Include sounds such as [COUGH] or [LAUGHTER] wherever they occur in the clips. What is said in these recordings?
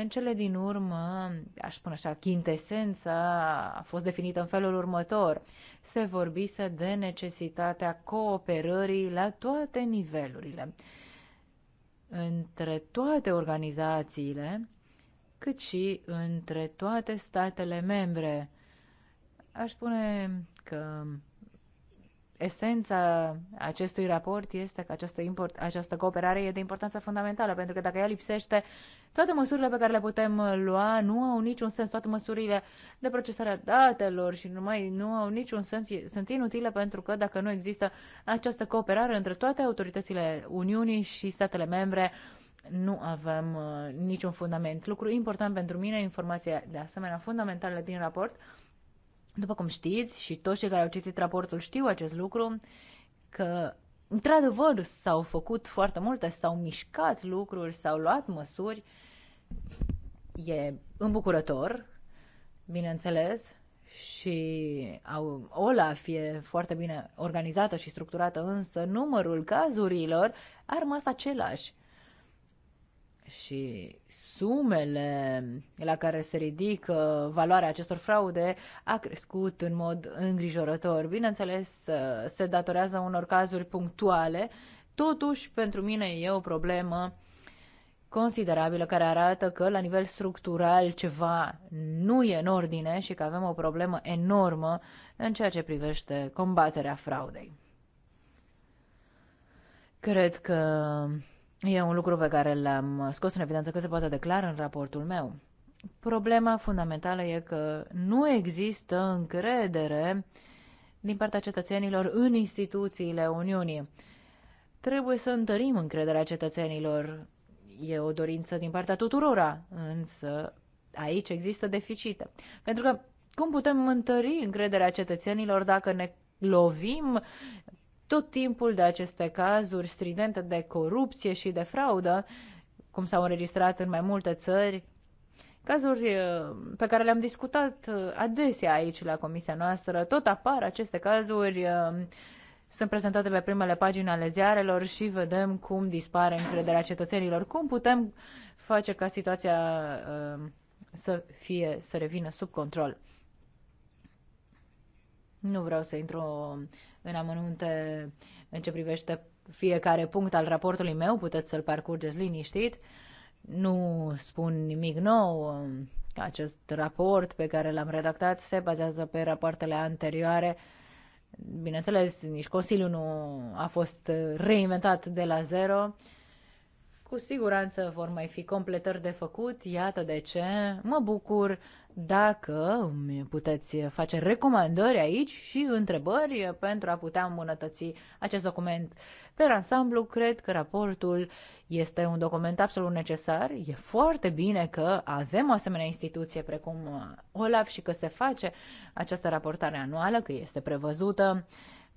În cele din urmă, aș spune așa, chintesența a fost definită în felul următor. Se vorbise de necesitatea cooperării la toate nivelurile, între toate organizațiile, cât și între toate statele membre. Aș spune că esența acestui raport este că această, import, această cooperare e de importanță fundamentală, pentru că dacă ea lipsește, toate măsurile pe care le putem uh, lua nu au niciun sens. Toate măsurile de procesare a datelor și numai nu au niciun sens. Sunt inutile pentru că dacă nu există această cooperare între toate autoritățile Uniunii și statele membre, nu avem uh, niciun fundament. Lucru important pentru mine, informația de asemenea fundamentală din raport. După cum știți și toți cei care au citit raportul știu acest lucru, că într-adevăr s-au făcut foarte multe, s-au mișcat lucruri, s-au luat măsuri uh, E îmbucurător, bineînțeles, și au, OLAF e foarte bine organizată și structurată, însă numărul cazurilor a rămas același. Și sumele la care se ridică valoarea acestor fraude a crescut în mod îngrijorător. Bineînțeles, se datorează unor cazuri punctuale, totuși pentru mine e o problemă considerabilă care arată că la nivel structural ceva nu e în ordine și că avem o problemă enormă în ceea ce privește combaterea fraudei. Cred că e un lucru pe care l-am scos în evidență că se poate declara în raportul meu. Problema fundamentală e că nu există încredere din partea cetățenilor în instituțiile Uniunii. Trebuie să întărim încrederea cetățenilor e o dorință din partea tuturora, însă aici există deficite. Pentru că cum putem întări încrederea cetățenilor dacă ne lovim tot timpul de aceste cazuri stridente de corupție și de fraudă, cum s-au înregistrat în mai multe țări, cazuri uh, pe care le-am discutat uh, adesea aici la comisia noastră, tot apar aceste cazuri uh, sunt prezentate pe primele pagini ale ziarelor și vedem cum dispare încrederea cetățenilor. Cum putem face ca situația uh, să fie, să revină sub control? Nu vreau să intru în amănunte în ce privește fiecare punct al raportului meu, puteți să-l parcurgeți liniștit. Nu spun nimic nou, acest raport pe care l-am redactat se bazează pe rapoartele anterioare uh, Bineînțeles, nici Consiliul nu a fost reinventat de la zero. Cu siguranță vor mai fi completări de făcut, iată de ce mă bucur dacă puteți face recomandări aici și întrebări pentru a putea îmbunătăți acest document. Pe ansamblu, cred că raportul este un document absolut necesar. E foarte bine că avem o asemenea instituție precum uh, OLAF și că se face această raportare anuală, că este prevăzută.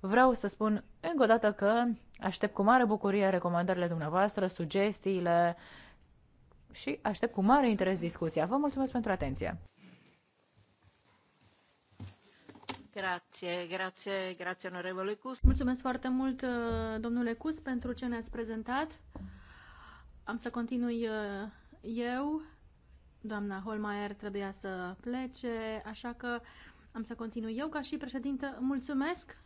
Vreau să spun încă o dată că aștept cu mare bucurie recomandările dumneavoastră, sugestiile și aștept cu mare interes discuția. Vă mulțumesc pentru atenție! onorevole Cus. Mulțumesc foarte mult, uh, domnule Cus, pentru ce ne-ați prezentat. Am să continui uh, eu. Doamna Holmaier trebuia să plece, așa că am să continui eu ca și președintă. Mulțumesc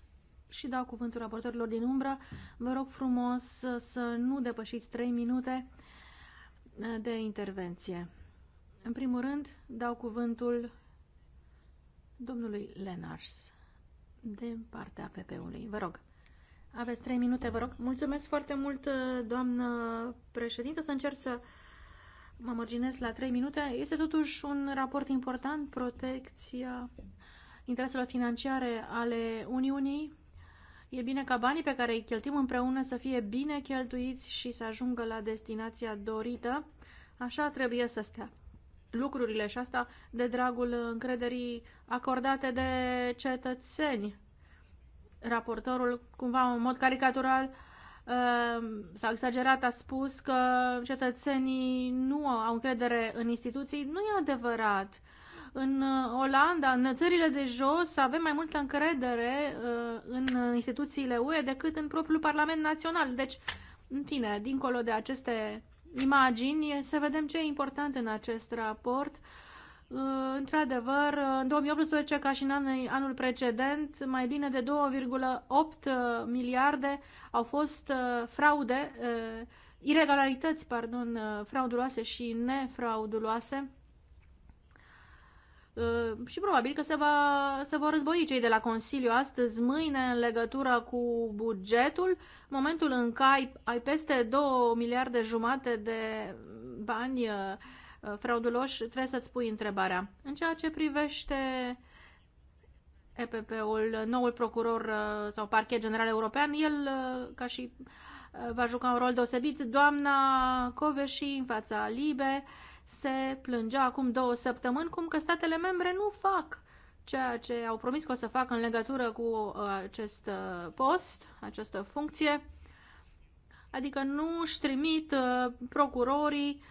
și dau cuvântul raportorilor din umbră. Vă rog frumos să nu depășiți 3 minute uh, de intervenție. În primul rând, dau cuvântul domnului Lenars din partea PP-ului. Vă rog. Aveți trei minute, vă rog. Mulțumesc foarte mult, uh, doamnă președinte. O să încerc să mă mărginez la trei minute. Este totuși un raport important, protecția intereselor financiare ale Uniunii. E bine ca banii pe care îi cheltim împreună să fie bine cheltuiți și să ajungă la destinația dorită. Așa trebuie să stea lucrurile și asta de dragul încrederii acordate de cetățeni raportorul, cumva în mod caricatural uh, sau exagerat, a spus că cetățenii nu au încredere în instituții. Nu e adevărat. În uh, Olanda, în țările de jos, avem mai multă încredere uh, în instituțiile UE decât în propriul Parlament Național. Deci, în fine, dincolo de aceste imagini, să vedem ce e important în acest raport. Uh, Uh, într-adevăr, uh, în 2018, ca și în anul precedent, mai bine de 2,8 uh, miliarde au fost fraude, iregularități, pardon, frauduloase și nefrauduloase. Și probabil că se, va, se vor război cei de la Consiliu astăzi, mâine, în legătură cu bugetul. Momentul în care ai, ai peste 2 miliarde jumate de bani frauduloși, trebuie să-ți pui întrebarea. În ceea ce privește EPP-ul, noul procuror uh, sau parchet general european, el, uh, ca și uh, va juca un rol deosebit. Doamna Coveși, în fața Libe, se plângea acum două săptămâni cum că statele membre nu fac ceea ce au promis că o să facă în legătură cu acest post, această funcție, adică nu își trimit procurorii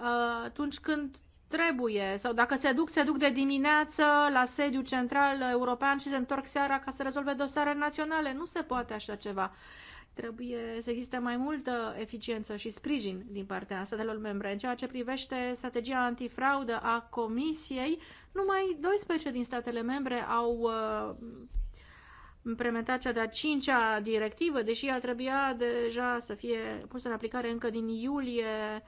Uh, atunci când trebuie sau dacă se duc, se duc de dimineață la sediu central european și se întorc seara ca să rezolve dosare naționale. Nu se poate așa ceva. Trebuie să existe mai multă eficiență și sprijin din partea statelor membre. În ceea ce privește strategia antifraudă a Comisiei, numai 12 din statele membre au uh, implementat cea de-a cincea directivă, deși ea trebuia deja să fie pusă în aplicare încă din iulie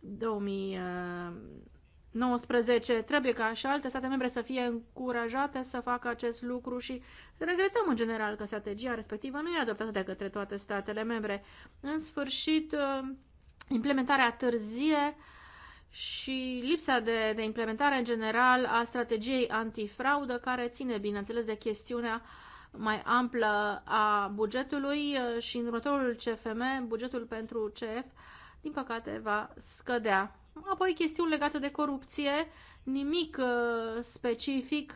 2019. Uh, Trebuie ca și alte state membre să fie încurajate să facă acest lucru și regretăm în general că strategia respectivă nu e adoptată de către toate statele membre. În sfârșit, uh, implementarea târzie și lipsa de, de implementare în general a strategiei antifraudă, care ține, bineînțeles, de chestiunea mai amplă a bugetului uh, și în următorul CFM, bugetul pentru CF, din păcate, va scădea. Apoi chestiuni legate de corupție, nimic uh, specific,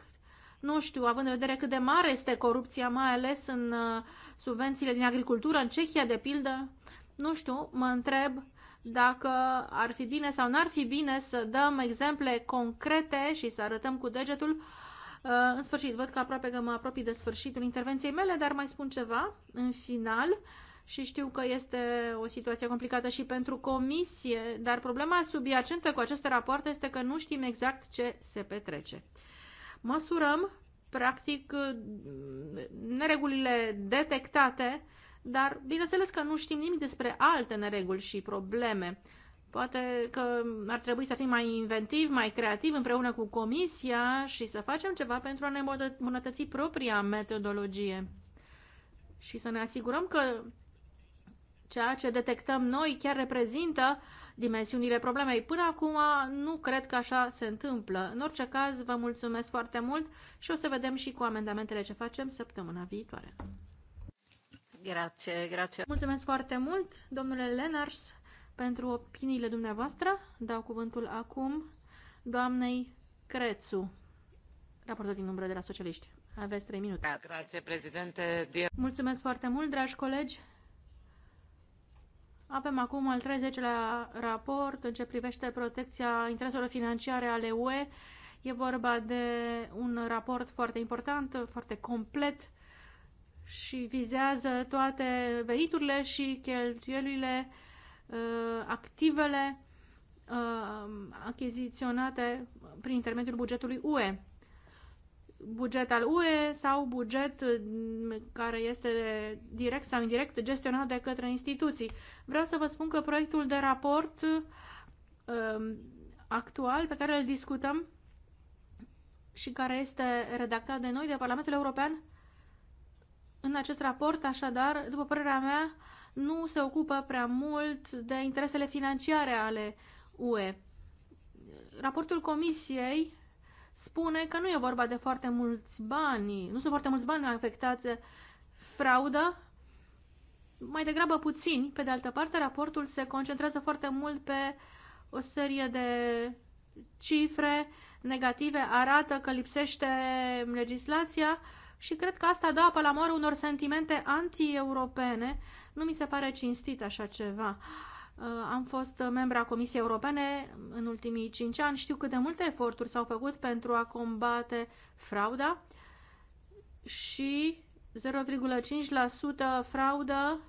nu știu, având în vedere cât de mare este corupția, mai ales în uh, subvențiile din agricultură, în Cehia, de pildă, nu știu, mă întreb dacă ar fi bine sau n-ar fi bine să dăm exemple concrete și să arătăm cu degetul. Uh, în sfârșit, văd că aproape că mă apropii de sfârșitul intervenției mele, dar mai spun ceva în final și știu că este o situație complicată și pentru comisie, dar problema subiacentă cu aceste rapoarte este că nu știm exact ce se petrece. Măsurăm, practic, neregulile detectate, dar bineînțeles că nu știm nimic despre alte nereguli și probleme. Poate că ar trebui să fim mai inventivi, mai creativi împreună cu comisia și să facem ceva pentru a ne îmbunătăți propria metodologie și să ne asigurăm că ceea ce detectăm noi chiar reprezintă dimensiunile problemei. Până acum nu cred că așa se întâmplă. În orice caz, vă mulțumesc foarte mult și o să vedem și cu amendamentele ce facem săptămâna viitoare. Grație, grație. Mulțumesc foarte mult, domnule Lenars, pentru opiniile dumneavoastră. Dau cuvântul acum doamnei Crețu, raportor din umbră de la socialiști. Aveți trei minute. Grație, președinte. Mulțumesc foarte mult, dragi colegi. Avem acum al 30-lea raport în ce privește protecția intereselor financiare ale UE. E vorba de un raport foarte important, foarte complet și vizează toate veniturile și cheltuielile, uh, activele uh, achiziționate prin intermediul bugetului UE buget al UE sau buget uh, care este direct sau indirect gestionat de către instituții. Vreau să vă spun că proiectul de raport um, actual pe care îl discutăm și care este redactat de noi, de Parlamentul European, în acest raport, așadar, după părerea mea, nu se ocupă prea mult de interesele financiare ale UE. Raportul Comisiei spune că nu e vorba de foarte mulți bani, nu sunt foarte mulți bani afectați fraudă, mai degrabă puțini. Pe de altă parte, raportul se concentrează foarte mult pe o serie de cifre negative, arată că lipsește legislația și cred că asta dă apă la moară unor sentimente anti-europene. Nu mi se pare cinstit așa ceva. Uh, Uh, am fost membra Comisiei Europene în ultimii cinci ani, știu cât de multe eforturi s-au făcut pentru a combate frauda și 0,5% fraudă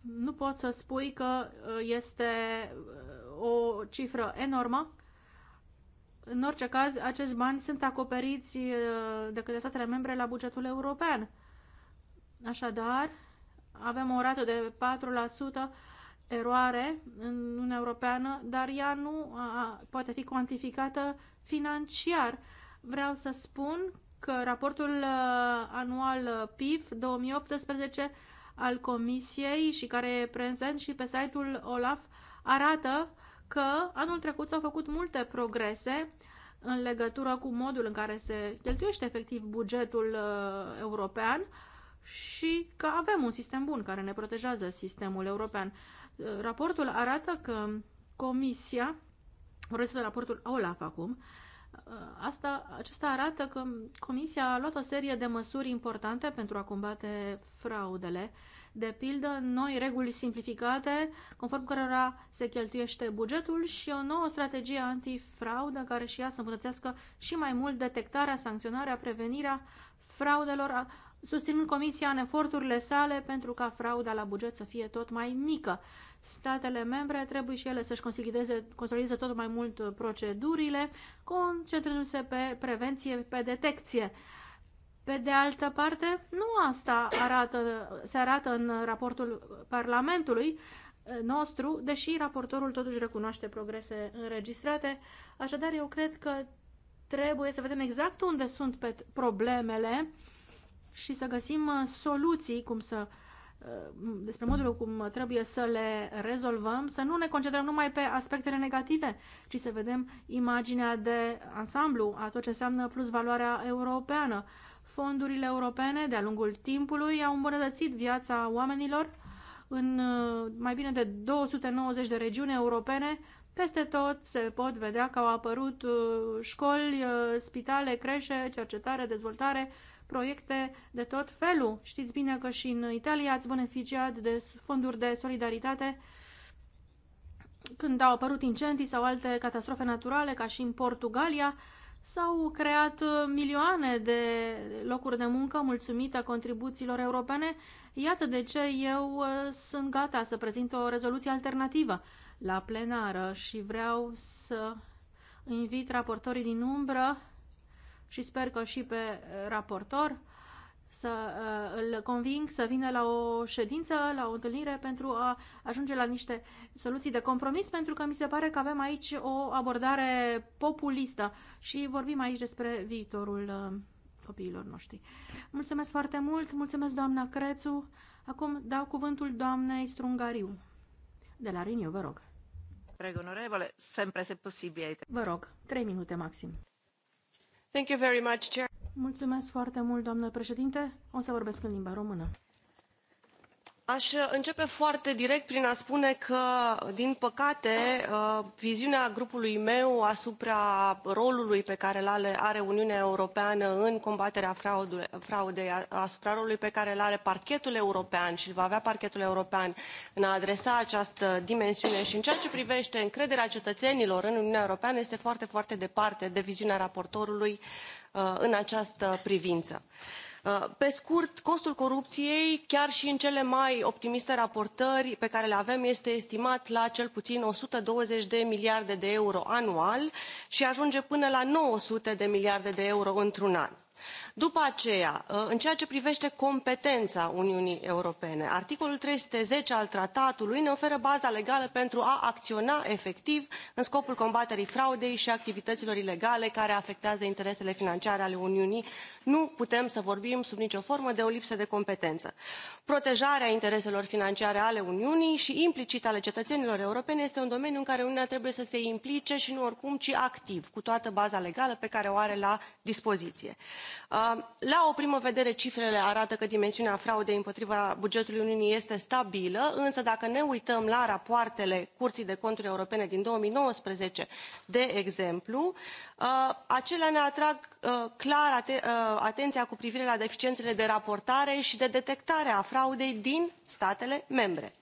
nu pot să spui că uh, este uh, o cifră enormă. În orice caz, acești bani sunt acoperiți de către statele membre la bugetul european. Așadar, avem o rată de 4% eroare în Uniunea Europeană, dar ea nu a, poate fi cuantificată financiar. Vreau să spun că raportul uh, anual uh, PIF 2018 al Comisiei și care e prezent și pe site-ul OLAF arată că anul trecut s-au făcut multe progrese în legătură cu modul în care se cheltuiește efectiv bugetul uh, european și că avem un sistem bun care ne protejează sistemul european. Raportul arată că Comisia, vorbesc de raportul OLAF acum, asta, acesta arată că Comisia a luat o serie de măsuri importante pentru a combate fraudele. De pildă, noi reguli simplificate, conform cărora se cheltuiește bugetul și o nouă strategie antifraudă care și ea să îmbunătățească și mai mult detectarea, sancționarea, prevenirea fraudelor, susținând Comisia în eforturile sale pentru ca frauda la buget să fie tot mai mică. Statele membre trebuie și ele să-și consolideze, tot mai mult procedurile, concentrându-se pe prevenție, pe detecție. Pe de altă parte, nu asta arată, se arată în raportul Parlamentului eh, nostru, deși raportorul totuși recunoaște progrese înregistrate. Așadar, eu cred că trebuie să vedem exact unde sunt pe problemele uh, și să găsim uh, soluții cum să uh, despre modul cum trebuie să le rezolvăm, să nu ne concentrăm numai pe aspectele negative, ci să vedem imaginea de ansamblu a tot ce înseamnă plus valoarea europeană. Fondurile europene de-a lungul timpului au îmbunătățit viața oamenilor în uh, mai bine de 290 de regiuni europene. Peste tot se pot vedea că au apărut școli, spitale, creșe, cercetare, dezvoltare, proiecte de tot felul. Știți bine că și în Italia ați beneficiat de fonduri de solidaritate când au apărut incendii sau alte catastrofe naturale, ca și în Portugalia, s-au creat milioane de locuri de muncă mulțumită contribuțiilor europene. Iată de ce eu uh, sunt gata să prezint o rezoluție alternativă la plenară și vreau să invit raportorii din umbră și sper că și pe uh, raportor să uh, îl conving să vină la o ședință, la o întâlnire pentru a ajunge la niște soluții de compromis, pentru că mi se pare că avem aici o abordare populistă și vorbim aici despre viitorul uh, copiilor noștri. Mulțumesc foarte mult, mulțumesc doamna Crețu. Acum dau cuvântul doamnei Strungariu. De la Riniu, vă rog. Prego, onorevole, sempre se posibile. Vă rog, trei minute maxim. Mulțumesc foarte mult, doamnă președinte. O să vorbesc în limba română. Aș uh, începe foarte direct prin a spune că, din păcate, uh, viziunea grupului meu asupra rolului pe care îl are Uniunea Europeană în combaterea fraudei, asupra rolului pe care îl are parchetul european și îl va avea parchetul european în a adresa această dimensiune și în ceea ce privește încrederea cetățenilor în Uniunea Europeană este foarte, foarte departe de viziunea raportorului uh, în această privință. Uh, pe scurt, costul corupției, chiar și în cele mai optimiste raportări pe care le avem, este estimat la cel puțin 120 de miliarde de euro anual și ajunge până la 900 de miliarde de euro într-un an. După aceea, ă, în ceea ce privește competența Uniunii Europene, articolul 310 al tratatului ne oferă baza legală pentru a acționa efectiv în scopul combaterii fraudei și activităților ilegale care afectează interesele financiare ale Uniunii. Nu putem să vorbim sub nicio formă de o lipsă de competență. Protejarea intereselor financiare ale Uniunii și implicit ale cetățenilor europeni este un domeniu în care Uniunea trebuie să se implice și nu oricum, ci activ, cu toată baza legală pe care o are la dispoziție. Ă, la o primă vedere, cifrele arată că dimensiunea fraudei împotriva bugetului Uniunii este stabilă, însă dacă ne uităm la rapoartele Curții de Conturi Europene din 2019, de exemplu, uh, acelea ne atrag uh, clar uh, atenția cu privire la deficiențele de raportare și de detectare a fraudei din statele membre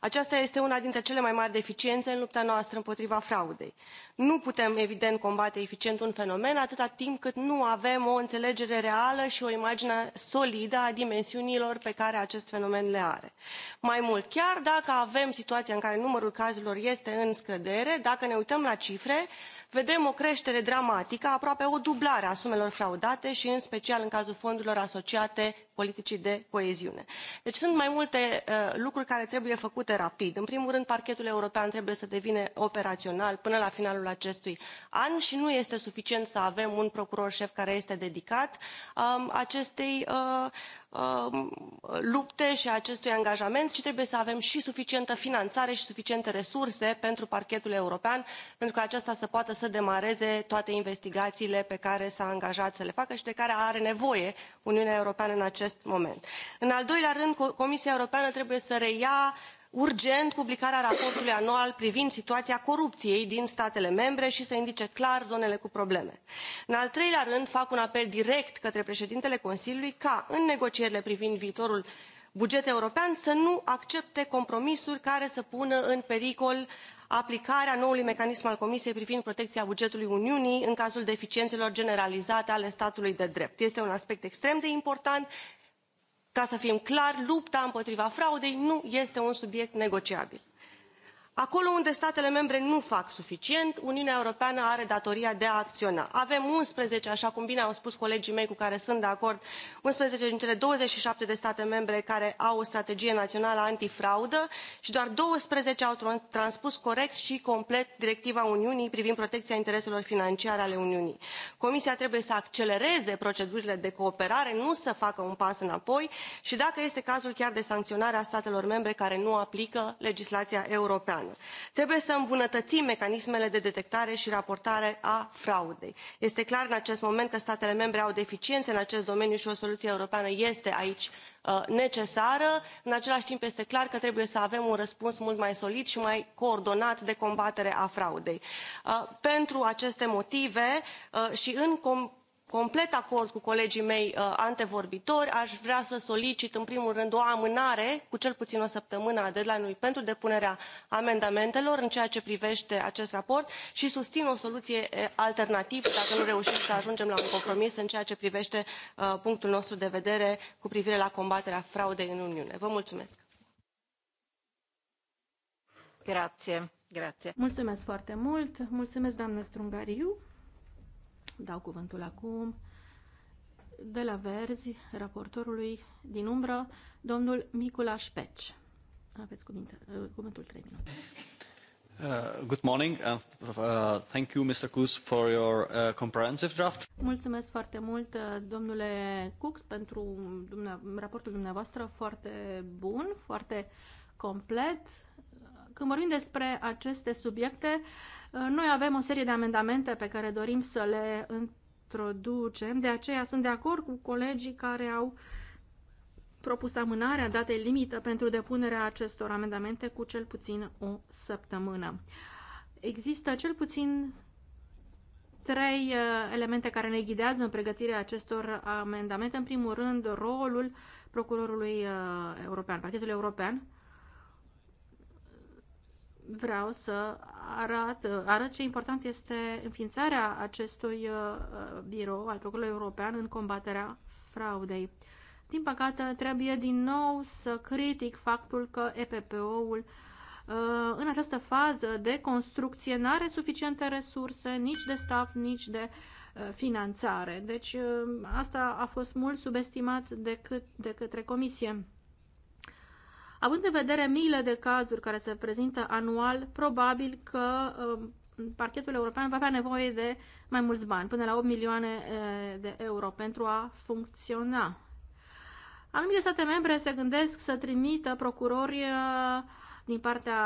aceasta este una dintre cele mai mari deficiențe în lupta noastră împotriva fraudei. nu putem evident combate eficient un fenomen atâta timp cât nu avem o înțelegere reală și o imagine solidă a dimensiunilor pe care acest fenomen le are. mai mult chiar dacă avem situația în care numărul cazurilor este în scădere dacă ne uităm la cifre vedem o creștere dramatică aproape o dublare a sumelor fraudate și în special în cazul fondurilor asociate politicii de coeziune. Deci sunt mai multe uh, lucruri care trebuie făcute rapid. În primul rând, parchetul european trebuie să devină operațional până la finalul acestui an și nu este suficient să avem un procuror șef care este dedicat um, acestei uh, Um, lupte și a acestui angajament, ci trebuie să avem și suficientă finanțare și suficiente resurse pentru parchetul european, pentru că acesta să poată să demareze toate investigațiile pe care s-a angajat să le facă și de care are nevoie Uniunea Europeană în acest moment. În al doilea rând, Comisia Europeană trebuie să reia urgent publicarea raportului anual privind situația corupției din statele membre și să indice clar zonele cu probleme. În al treilea rând, fac un apel direct către președintele Consiliului ca, în negocierile privind viitorul buget european, să nu accepte compromisuri care să pună în pericol aplicarea noului mecanism al Comisiei privind protecția bugetului Uniunii în cazul deficiențelor generalizate ale statului de drept. Este un aspect extrem de important ca să fim clari, lupta împotriva fraudei nu este un subiect negociabil. Acolo unde statele membre nu fac suficient, Uniunea Europeană are datoria de a acționa. Avem 11, așa cum bine au spus colegii mei cu care sunt de acord, 11 din cele 27 de state membre care au o strategie națională antifraudă și doar 12 au transpus corect și complet directiva Uniunii privind protecția intereselor financiare ale Uniunii. Comisia trebuie să accelereze procedurile de cooperare, nu să facă un pas înapoi și dacă este cazul chiar de sancționarea statelor membre care nu aplică legislația europeană europeană. Trebuie să îmbunătățim mecanismele de detectare și raportare a fraudei. Este clar în acest moment că statele membre au deficiențe în acest domeniu și o soluție europeană este aici uh, necesară. În același timp este clar că trebuie să avem un răspuns mult mai solid și mai coordonat de combatere a fraudei. Uh, pentru aceste motive uh, și în com complet acord cu colegii mei uh, antevorbitori. Aș vrea să solicit, în primul rând, o amânare cu cel puțin o săptămână a deadline-ului pentru depunerea amendamentelor în ceea ce privește acest raport și susțin o soluție alternativă dacă nu reușim să ajungem la un compromis în ceea ce privește uh, punctul nostru de vedere cu privire la combaterea fraudei în Uniune. Vă mulțumesc! Grazie, grazie. Mulțumesc foarte mult. Mulțumesc, doamnă Strungariu dau cuvântul acum de la Verzi, raportorului din umbră, domnul Micula Șpeci. Aveți cuvinte, uh, cuvântul 3 minute. Uh, good morning and uh, uh, thank you, Mr. Kuz, for your uh, comprehensive draft. Mulțumesc foarte mult, uh, domnule Cook, pentru dumne raportul dumneavoastră foarte bun, foarte complet. Când vorbim despre aceste subiecte, uh, noi avem o serie de amendamente pe care dorim să le introducem, de aceea sunt de acord cu colegii care au propus amânarea datei limită pentru depunerea acestor amendamente cu cel puțin o săptămână. Există cel puțin trei uh, elemente care ne ghidează în pregătirea acestor amendamente. În primul rând, rolul Procurorului uh, European, Partidul European, vreau să arăt, arăt ce important este înființarea acestui uh, birou al Procurorului European în combaterea fraudei. Din păcate, trebuie din nou să critic faptul că EPPO-ul uh, în această fază de construcție nu are suficiente resurse, nici de staff, nici de uh, finanțare. Deci asta a fost mult subestimat de, cât, de către comisie. Având în vedere miile de cazuri care se prezintă anual, probabil că um, parchetul european va avea nevoie de mai mulți bani, până la 8 milioane de euro, pentru a funcționa. Anumite state membre se gândesc să trimită procurori uh, din partea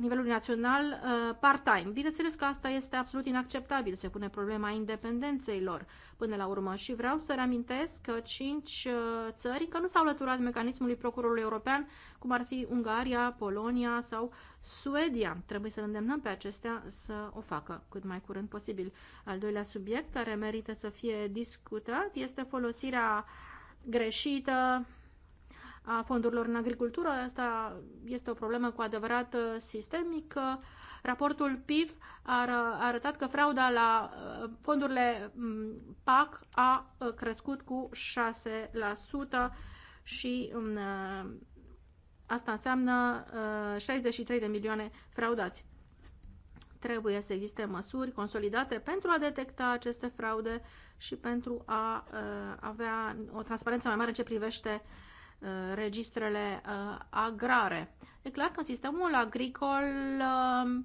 nivelului național uh, part-time. Bineînțeles că asta este absolut inacceptabil, se pune problema independenței lor până la urmă și vreau să reamintesc că cinci uh, țări că nu s-au alăturat mecanismului procurorului european, cum ar fi Ungaria, Polonia sau Suedia. Trebuie să îndemnăm pe acestea să o facă cât mai curând posibil. Al doilea subiect care merită să fie discutat este folosirea greșită a fondurilor în agricultură. Asta este o problemă cu adevărat uh, sistemică. Raportul PIF a arătat că frauda la uh, fondurile mm, PAC a uh, crescut cu 6% și mm, asta înseamnă 63 de milioane fraudați. Trebuie să existe măsuri consolidate pentru a detecta aceste fraude și pentru a avea o transparență mai mare în ce privește uh, Uh, registrele uh, agrare. E clar că în sistemul agricol uh,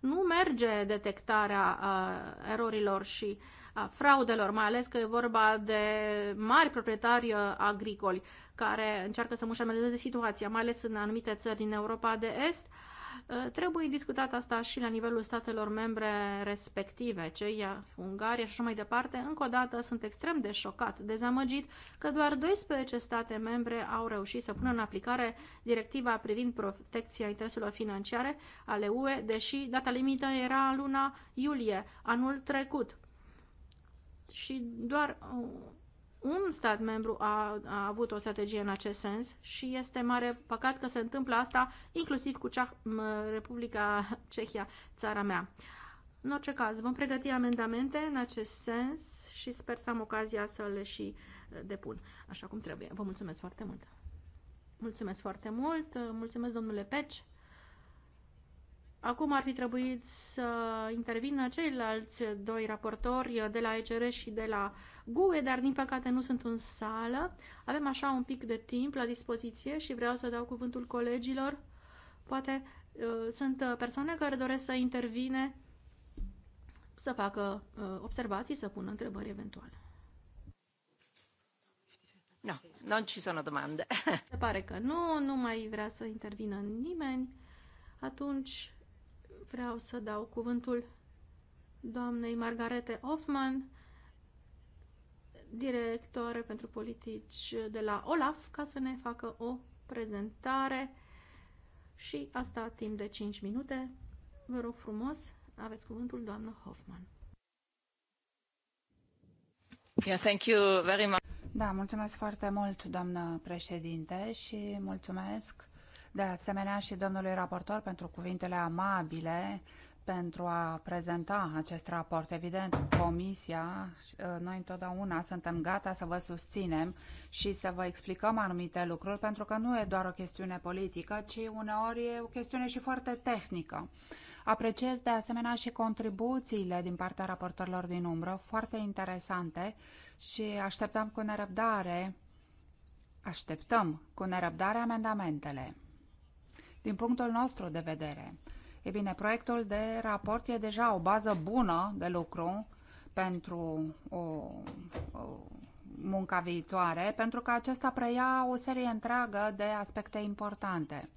nu merge detectarea erorilor și a fraudelor, mai ales că e vorba de mari proprietari agricoli care încearcă să mușameleze situația, mai ales în anumite țări din Europa de Est, Uh, trebuie discutat asta și la nivelul statelor membre respective, Ceia, Ungaria și așa mai departe. Încă o dată sunt extrem de șocat, dezamăgit că doar 12 state membre au reușit să pună în aplicare directiva privind protecția intereselor financiare ale UE, deși data limită era luna iulie anul trecut. Și doar uh, un stat membru a, a avut o strategie în acest sens și este mare păcat că se întâmplă asta inclusiv cu cea, Republica Cehia, țara mea. În orice caz, vom pregăti amendamente în acest sens și sper să am ocazia să le și uh, depun așa cum trebuie. Vă mulțumesc foarte mult! Mulțumesc foarte mult! Mulțumesc, domnule Peci! Acum ar fi trebuit să intervină ceilalți doi raportori de la ECR și de la GUE, dar din păcate nu sunt în sală. Avem așa un pic de timp la dispoziție și vreau să dau cuvântul colegilor. Poate uh, sunt uh, persoane care doresc să intervine, să facă uh, observații, să pună întrebări eventuale. No, nu ci sono domande. Se pare că nu, nu mai vrea să intervină nimeni. Atunci vreau să dau cuvântul doamnei Margarete Hoffman, director pentru politici de la OLAF, ca să ne facă o prezentare și asta timp de 5 minute. Vă rog frumos, aveți cuvântul doamnă Hoffman. Yeah, thank you very much. Da, mulțumesc foarte mult, doamnă președinte, și mulțumesc de asemenea și domnului raportor pentru cuvintele amabile pentru a prezenta acest raport. Evident, Comisia, uh, noi întotdeauna suntem gata să vă susținem și să vă explicăm anumite lucruri, pentru că nu e doar o chestiune politică, ci uneori e o chestiune și foarte tehnică. Apreciez de asemenea și contribuțiile din partea raportorilor din umbră, foarte interesante și așteptăm cu nerăbdare, așteptăm cu nerăbdare amendamentele din punctul nostru de vedere. E bine, proiectul de raport e deja o bază bună de lucru pentru o, o munca viitoare, pentru că acesta preia o serie întreagă de aspecte importante.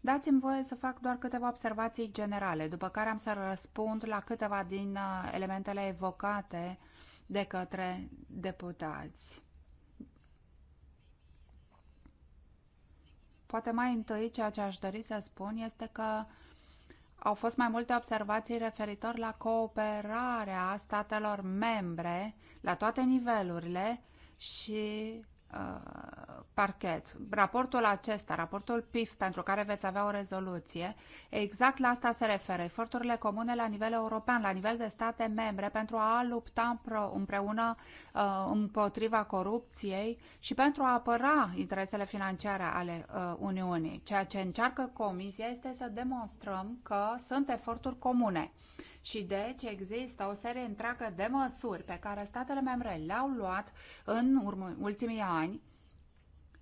Dați-mi voie să fac doar câteva observații generale, după care am să răspund la câteva din uh, elementele evocate de către deputați. Poate mai întâi ceea ce aș dori să spun este că au fost mai multe observații referitor la cooperarea statelor membre la toate nivelurile și Uh, parchet. Raportul acesta, raportul PIF, pentru care veți avea o rezoluție, exact la asta se referă. Eforturile comune la nivel european, la nivel de state membre, pentru a lupta împreună uh, împotriva corupției și pentru a apăra interesele financiare ale uh, Uniunii. Ceea ce încearcă Comisia este să demonstrăm că sunt eforturi comune. Și deci există o serie întreagă de măsuri pe care statele membre le-au luat în urmă ultimii ani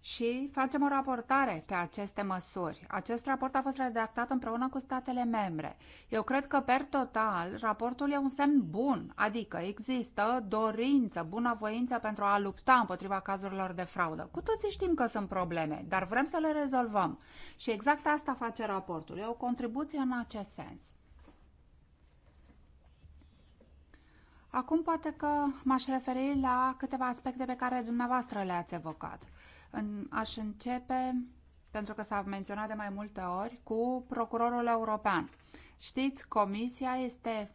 și facem o raportare pe aceste măsuri. Acest raport a fost redactat împreună cu statele membre. Eu cred că, per total, raportul e un semn bun, adică există dorință, bunăvoință pentru a lupta împotriva cazurilor de fraudă. Cu toții știm că sunt probleme, dar vrem să le rezolvăm. Și exact asta face raportul. E o contribuție în acest sens. Acum poate că m-aș referi la câteva aspecte pe care dumneavoastră le-ați evocat. În, aș începe, pentru că s-a menționat de mai multe ori, cu procurorul european. Știți, comisia este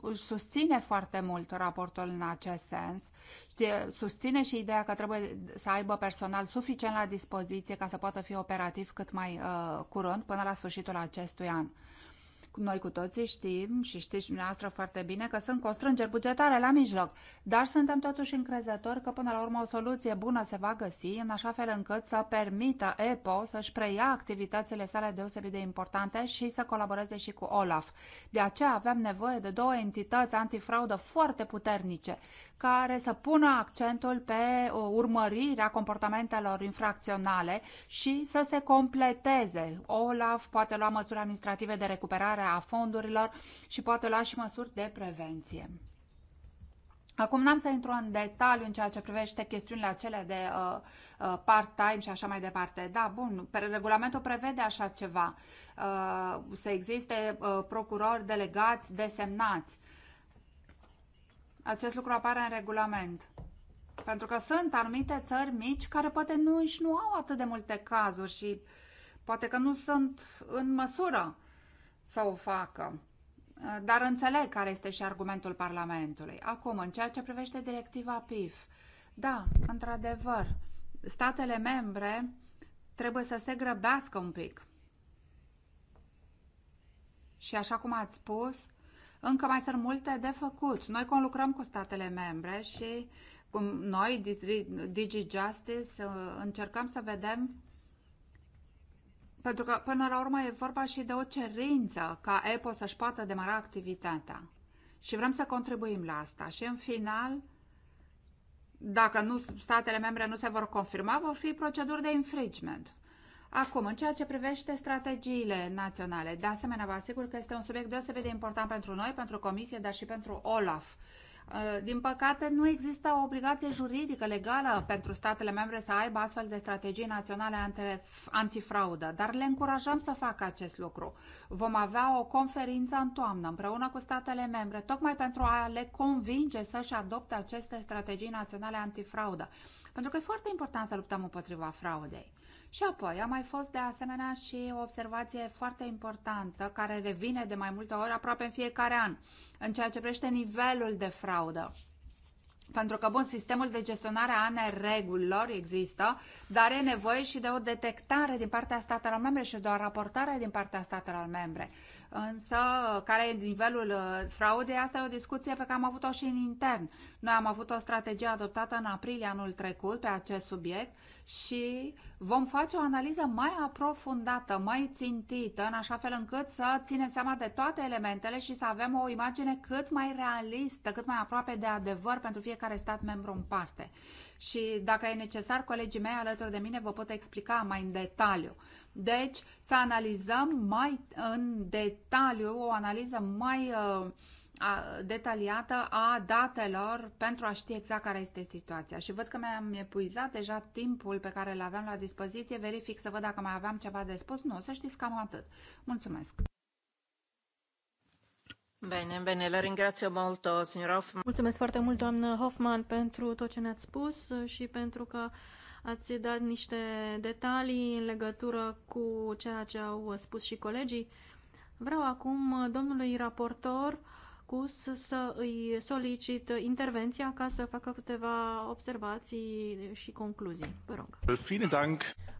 își susține foarte mult raportul în acest sens, susține și ideea că trebuie să aibă personal suficient la dispoziție ca să poată fi operativ cât mai uh, curând până la sfârșitul acestui an. Noi cu toții știm și știți dumneavoastră foarte bine că sunt constrângeri bugetare la mijloc, dar suntem totuși încrezători că până la urmă o soluție bună se va găsi în așa fel încât să permită EPO să-și preia activitățile sale deosebit de importante și să colaboreze și cu OLAF. De aceea avem nevoie de două entități antifraudă foarte puternice care să pună accentul pe uh, urmărirea comportamentelor infracționale și să se completeze. OLAF poate lua măsuri administrative de recuperare a fondurilor și poate lua și măsuri de prevenție. Acum n-am să intru în detaliu în ceea ce privește chestiunile acelea de uh, uh, part-time și așa mai departe. Da, bun, regulamentul prevede așa ceva, uh, să existe uh, procurori delegați desemnați acest lucru apare în regulament. Pentru că sunt anumite țări mici care poate nu, și nu au atât de multe cazuri și poate că nu sunt în măsură să o facă. Dar înțeleg care este și argumentul Parlamentului. Acum, în ceea ce privește directiva PIF, da, într-adevăr, statele membre trebuie să se grăbească un pic. Și așa cum ați spus, încă mai sunt multe de făcut. Noi conlucrăm cu statele membre și um, noi, Digi Justice, uh, încercăm să vedem pentru că, până la urmă, e vorba și de o cerință ca EPO să-și poată demara activitatea. Și vrem să contribuim la asta. Și, în final, dacă nu, statele membre nu se vor confirma, vor fi proceduri de infringement. Acum, în ceea ce privește strategiile naționale, de asemenea, vă asigur că este un subiect deosebit de important pentru noi, pentru Comisie, dar și pentru OLAF. Uh, din păcate, nu există o obligație juridică legală pentru statele membre să aibă astfel de strategii naționale antifraudă, dar le încurajăm să facă acest lucru. Vom avea o conferință în toamnă împreună cu statele membre, tocmai pentru a le convinge să-și adopte aceste strategii naționale antifraudă, pentru că e foarte important să luptăm împotriva fraudei. Și apoi a mai fost de asemenea și o observație foarte importantă care revine de mai multe ori aproape în fiecare an în ceea ce privește nivelul de fraudă. Pentru că, bun, sistemul de gestionare a neregulilor există, dar e nevoie și de o detectare din partea statelor membre și de o raportare din partea statelor membre însă care e nivelul uh, fraudei, asta e o discuție pe care am avut-o și în intern. Noi am avut o strategie adoptată în aprilie anul trecut pe acest subiect și vom face o analiză mai aprofundată, mai țintită, în așa fel încât să ținem seama de toate elementele și să avem o imagine cât mai realistă, cât mai aproape de adevăr pentru fiecare stat membru în parte. Și dacă e necesar, colegii mei alături de mine vă pot explica mai în detaliu. Deci să analizăm mai în detaliu, o analiză mai uh, a, detaliată a datelor pentru a ști exact care este situația. Și văd că mi-am epuizat deja timpul pe care îl aveam la dispoziție. Verific să văd dacă mai aveam ceva de spus. Nu, să știți cam atât. Mulțumesc! Bine, bine, la ringrazio molto, signor Hoffman. Mulțumesc foarte mult, doamnă Hoffman, pentru tot ce ne-ați spus și pentru că Ați dat niște detalii în legătură cu ceea ce au spus și colegii. Vreau acum domnului raportor Cus să îi solicit intervenția ca să facă câteva observații și concluzii. Vă rog.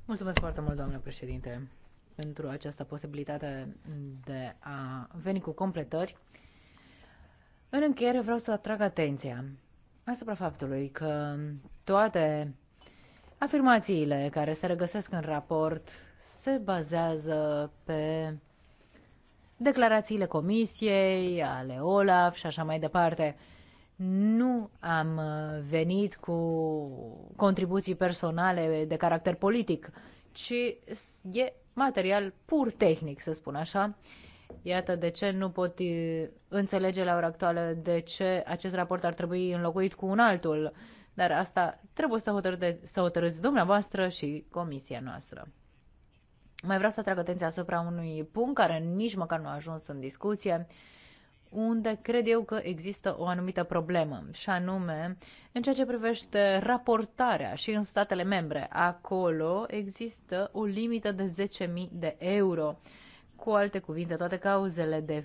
Mulțumesc foarte mult, doamnă președinte, pentru această posibilitate de a veni cu completări. În încheiere vreau să atrag atenția asupra faptului că toate Afirmațiile care se regăsesc în raport se bazează pe declarațiile comisiei, ale Olaf și așa mai departe. Nu am venit cu contribuții personale de caracter politic, ci e material pur tehnic, să spun așa. Iată de ce nu pot uh, înțelege la ora actuală de ce acest raport ar trebui înlocuit cu un altul dar asta trebuie să, hotărâte, să hotărâți dumneavoastră și comisia noastră. Mai vreau să atrag atenția asupra unui punct care nici măcar nu a ajuns în discuție, unde cred eu că există o anumită problemă, și anume în ceea ce privește raportarea și în statele membre. Acolo există o limită de 10.000 de euro. Cu alte cuvinte, toate cauzele de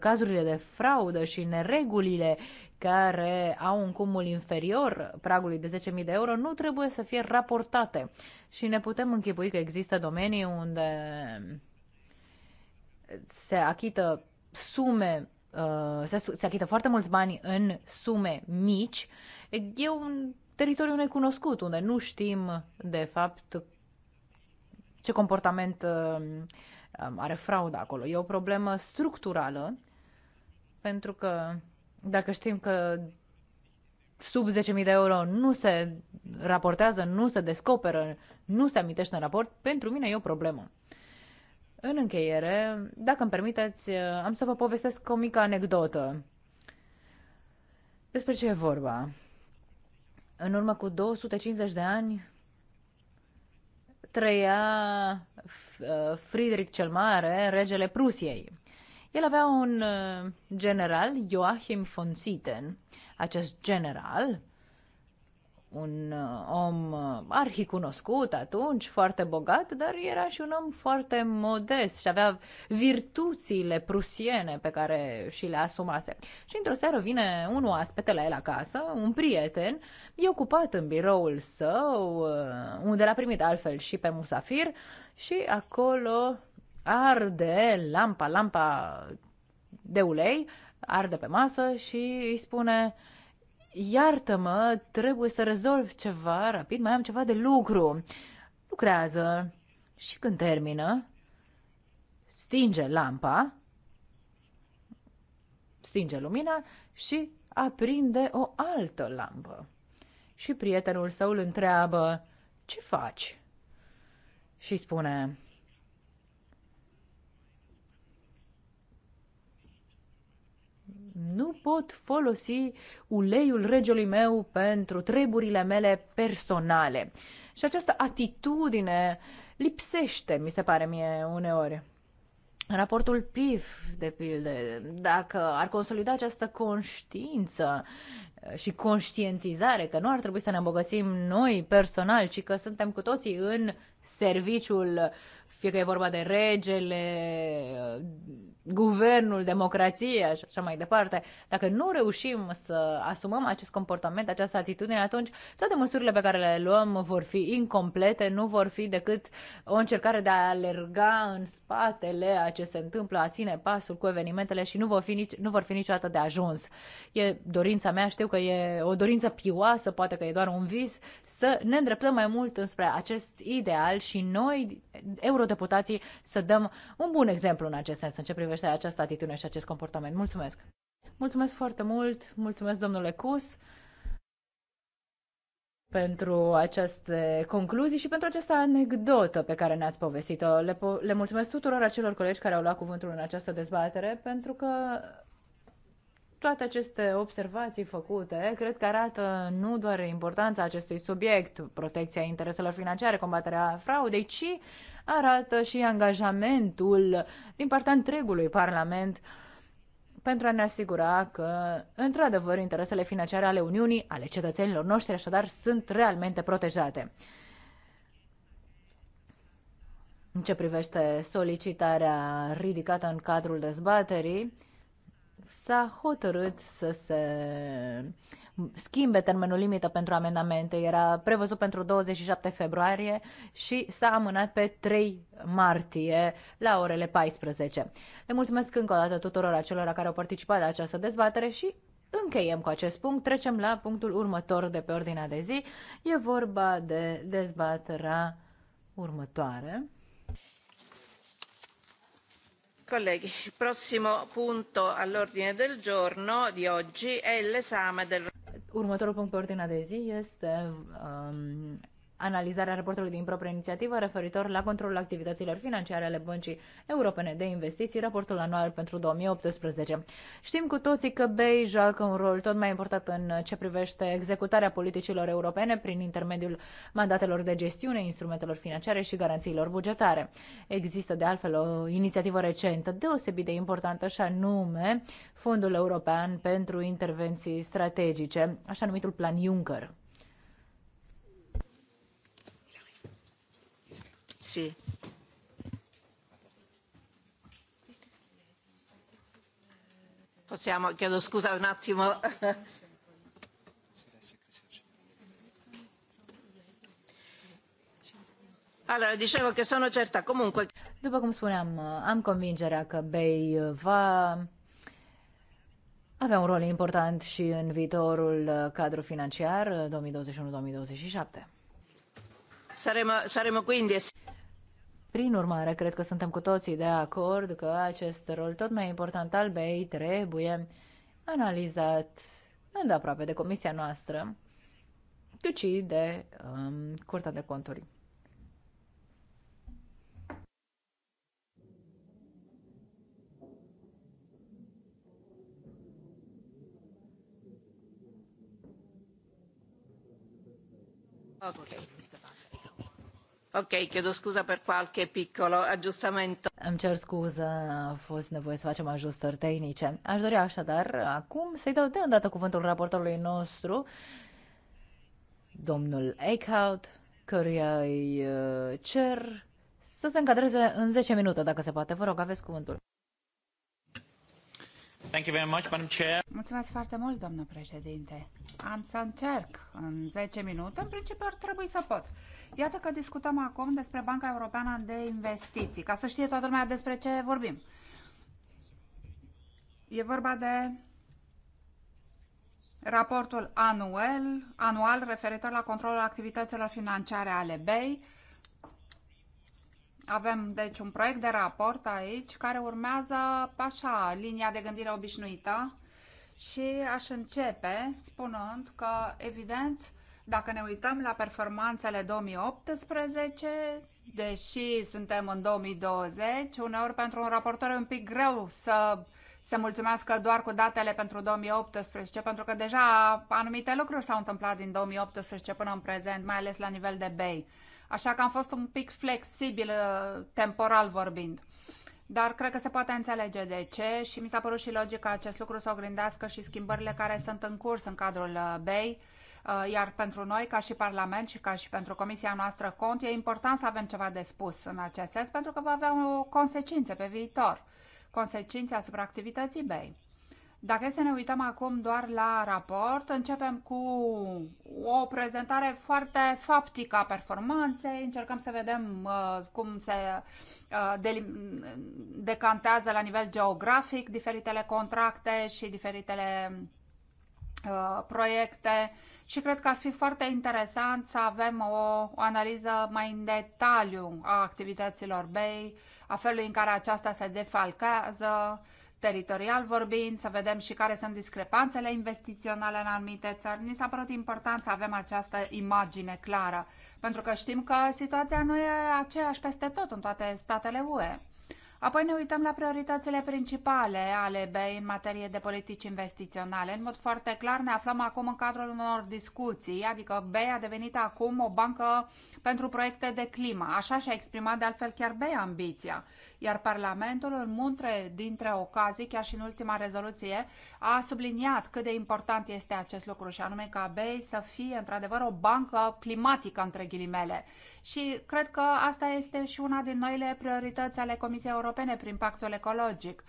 cazurile de fraudă și neregulile care au un cumul inferior pragului de 10.000 de euro nu trebuie să fie raportate. Și ne putem închipui că există domenii unde se achită sume, uh, se, achită foarte mulți bani în sume mici. E un teritoriu necunoscut, unde nu știm, de fapt, ce comportament uh, Um, are fraudă acolo. E o problemă structurală, pentru că dacă știm că sub 10.000 de euro nu se raportează, nu se descoperă, nu se amintește în raport, pentru mine e o problemă. În încheiere, dacă îmi permiteți, uh, am să vă povestesc o mică anecdotă. Despre ce e vorba? În urmă cu 250 de ani, trăia uh, Friedrich cel Mare, regele Prusiei. El avea un uh, general, Joachim von Sitten. Acest general un uh, om uh, arhicunoscut atunci, foarte bogat, dar era și un om foarte modest și avea virtuțile prusiene pe care și le asumase. Și într-o seară vine un oaspete la el acasă, un prieten, e ocupat în biroul său, uh, unde l-a primit altfel și pe musafir, și acolo arde lampa, lampa de ulei, arde pe masă și îi spune iartă-mă, trebuie să rezolv ceva rapid, mai am ceva de lucru. Lucrează și când termină, stinge lampa, stinge lumina și aprinde o altă lampă. Și prietenul său îl întreabă, ce faci? Și spune, nu pot folosi uleiul regelui meu pentru treburile mele personale. Și această atitudine lipsește, mi se pare mie, uneori. Raportul PIF, de pildă, dacă ar consolida această conștiință și conștientizare că nu ar trebui să ne îmbogățim noi personal, ci că suntem cu toții în serviciul uh, fie că e vorba de regele, guvernul, democrația și așa mai departe, dacă nu reușim să asumăm acest comportament, această atitudine, atunci toate măsurile pe care le luăm vor fi incomplete, nu vor fi decât o încercare de a alerga în spatele a ce se întâmplă, a ține pasul cu evenimentele și nu vor fi, nici, nu vor fi niciodată de ajuns. E dorința mea, știu că e o dorință pioasă, poate că e doar un vis, să ne îndreptăm mai mult înspre acest ideal și noi, eu, eurodeputații să dăm un bun exemplu în acest sens, în ce privește această atitudine și acest comportament. Mulțumesc! Mulțumesc foarte mult, mulțumesc domnule Cus pentru aceste concluzii și pentru această anecdotă pe care ne-ați povestit-o. Le, po- le mulțumesc tuturor acelor colegi care au luat cuvântul în această dezbatere, pentru că toate aceste observații făcute cred că arată nu doar importanța acestui subiect, protecția intereselor financiare, combaterea fraudei, ci arată și angajamentul din partea întregului Parlament pentru a ne asigura că, într-adevăr, interesele financiare ale Uniunii, ale cetățenilor noștri, așadar, sunt realmente protejate. În ce privește solicitarea ridicată în cadrul dezbaterii, s-a hotărât să se schimbe termenul limită pentru amendamente. Era prevăzut pentru 27 februarie și s-a amânat pe 3 martie la orele 14. Le mulțumesc încă o dată tuturor acelora care au participat la această dezbatere și încheiem cu acest punct. Trecem la punctul următor de pe ordinea de zi. E vorba de dezbaterea următoare. Colleghi, il prossimo punto all'ordine del giorno di oggi è l'esame del... Următorul punct pe ordinea de zi este um, analizarea raportului din proprie inițiativă referitor la controlul activităților financiare ale Băncii Europene de Investiții, raportul anual pentru 2018. Știm cu toții că BEI joacă un rol tot mai important în ce privește executarea politicilor europene prin intermediul mandatelor de gestiune, instrumentelor financiare și garanțiilor bugetare. Există de altfel o inițiativă recentă deosebit de importantă și anume Fondul European pentru Intervenții Strategice, așa numitul Plan Juncker. Grazie. Possiamo, chiedo scusa un attimo. Allora, dicevo che sono certa comunque. După cum spuneam, am convingerea că BEI va avea un rol important și în viitorul cadru financiar 2021-2027. Saremo, saremo quindi prin urmare, cred că suntem cu toții de acord că acest rol tot mai important al BEI trebuie analizat îndeaproape de comisia noastră, cât și de um, Curtea de Conturi. Okay. Ok, Îmi cer scuză, a fost nevoie să facem ajustări tehnice. Aș dori așadar acum să-i dau de îndată cuvântul raportorului nostru, domnul Eichhout, căruia îi uh, cer să se încadreze în 10 minute, dacă se poate. Vă rog, aveți cuvântul. Mulțumesc foarte mult, doamnă președinte. Am să încerc în 10 minute, în principiu ar trebui să pot. Iată că discutăm acum despre Banca Europeană de Investiții, ca să știe toată lumea despre ce vorbim. E vorba de raportul anual, anual referitor la controlul activităților financiare ale BEI, avem, deci, un proiect de raport aici care urmează, așa, linia de gândire obișnuită și aș începe spunând că, evident, dacă ne uităm la performanțele 2018, deși suntem în 2020, uneori pentru un raportor e un pic greu să se mulțumească doar cu datele pentru 2018, pentru că deja anumite lucruri s-au întâmplat din 2018 până în prezent, mai ales la nivel de BEI. Așa că am fost un pic flexibil uh, temporal vorbind. Dar cred că se poate înțelege de ce și mi s-a părut și logic ca acest lucru să oglindească și schimbările care sunt în curs în cadrul uh, BEI. Uh, iar pentru noi, ca și Parlament și ca și pentru Comisia noastră cont, e important să avem ceva de spus în acest sens pentru că va avea o consecințe pe viitor, consecințe asupra activității BEI. Dacă e să ne uităm acum doar la raport, începem cu o prezentare foarte faptică a performanței, încercăm să vedem uh, cum se uh, decantează la nivel geografic diferitele contracte și diferitele uh, proiecte și cred că ar fi foarte interesant să avem o, o analiză mai în detaliu a activităților BEI, a felului în care aceasta se defalcează, uh, teritorial vorbind, să vedem și care sunt discrepanțele investiționale în anumite țări. Ni s-a părut important să avem această imagine clară, pentru că știm că situația nu e aceeași peste tot în toate statele UE. Apoi ne uităm la prioritățile principale ale BEI în materie de politici investiționale. În mod foarte clar ne aflăm acum în cadrul unor discuții, adică BEI a devenit acum o bancă pentru proiecte de climă. Așa și-a exprimat de altfel chiar BEI ambiția. Iar Parlamentul, în muntre dintre ocazii, chiar și în ultima rezoluție, a subliniat cât de important este acest lucru și anume ca BEI să fie într-adevăr o bancă climatică, între ghilimele. Și cred că asta este și una din noile priorități ale Comisiei Europene Europene prin Pactul Ecologic,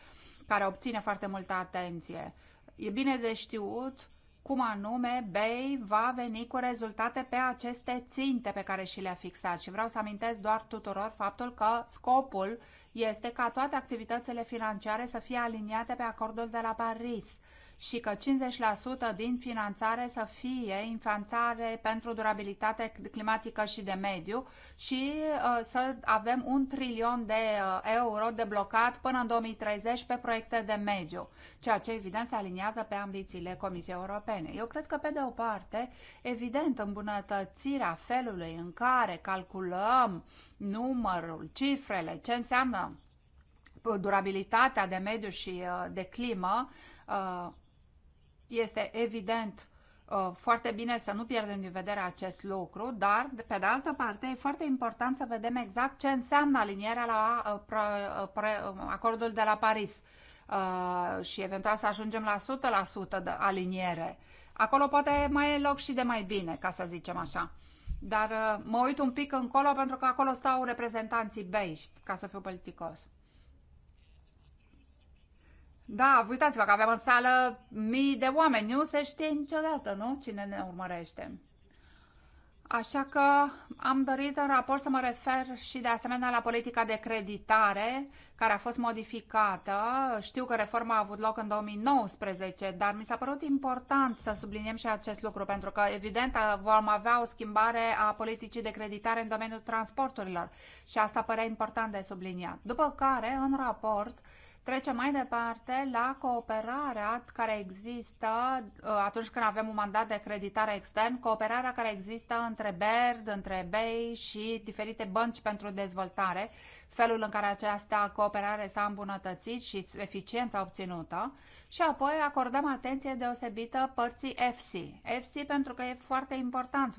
care obține foarte multă atenție. E bine de știut cum anume BEI va veni cu rezultate pe aceste ținte pe care și le-a fixat. Și vreau să amintesc doar tuturor faptul că scopul este ca toate activitățile financiare să fie aliniate pe acordul de la Paris – și că 50% din finanțare să fie finanțare pentru durabilitate climatică și de mediu și uh, să avem un trilion de uh, euro deblocat până în 2030 pe proiecte de mediu, ceea ce evident se aliniază pe ambițiile Comisiei Europene. Eu cred că pe de o parte, evident, îmbunătățirea felului în care calculăm numărul, cifrele, ce înseamnă durabilitatea de mediu și uh, de climă, este evident uh, foarte bine să nu pierdem din vedere acest lucru, dar, pe de altă parte, e foarte important să vedem exact ce înseamnă alinierea la uh, uh, acordul de la Paris și eventual să ajungem la 100% de aliniere. Acolo poate mai e loc și de mai bine, ca să zicem așa. Dar mă uit un pic încolo pentru că acolo stau reprezentanții bei, ca să fiu politicos. Da, uitați-vă că avem în sală mii de oameni. Nu se știe niciodată, nu? Cine ne urmărește. Așa că am dorit în raport să mă refer și de asemenea la politica de creditare care a fost modificată. Știu că reforma a avut loc în 2019, dar mi s-a părut important să subliniem și acest lucru, pentru că evident vom avea o schimbare a politicii de creditare în domeniul transporturilor și asta părea important de subliniat. După care, în raport, Trecem mai departe la cooperarea care există uh, atunci când avem un mandat de creditare extern, cooperarea care există între BERD, între BEI și diferite bănci pentru dezvoltare felul în care această cooperare s-a îmbunătățit și eficiența obținută și apoi acordăm atenție deosebită părții FC. FC pentru că e foarte important.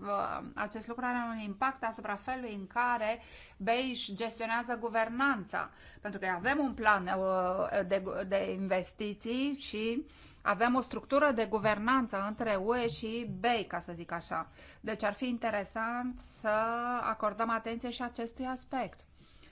Acest lucru are un impact asupra felului în care BEI gestionează guvernanța, pentru că avem un plan uh, de, de investiții și avem o structură de guvernanță între UE și BEI, ca să zic așa. Deci ar fi interesant să acordăm atenție și acestui aspect.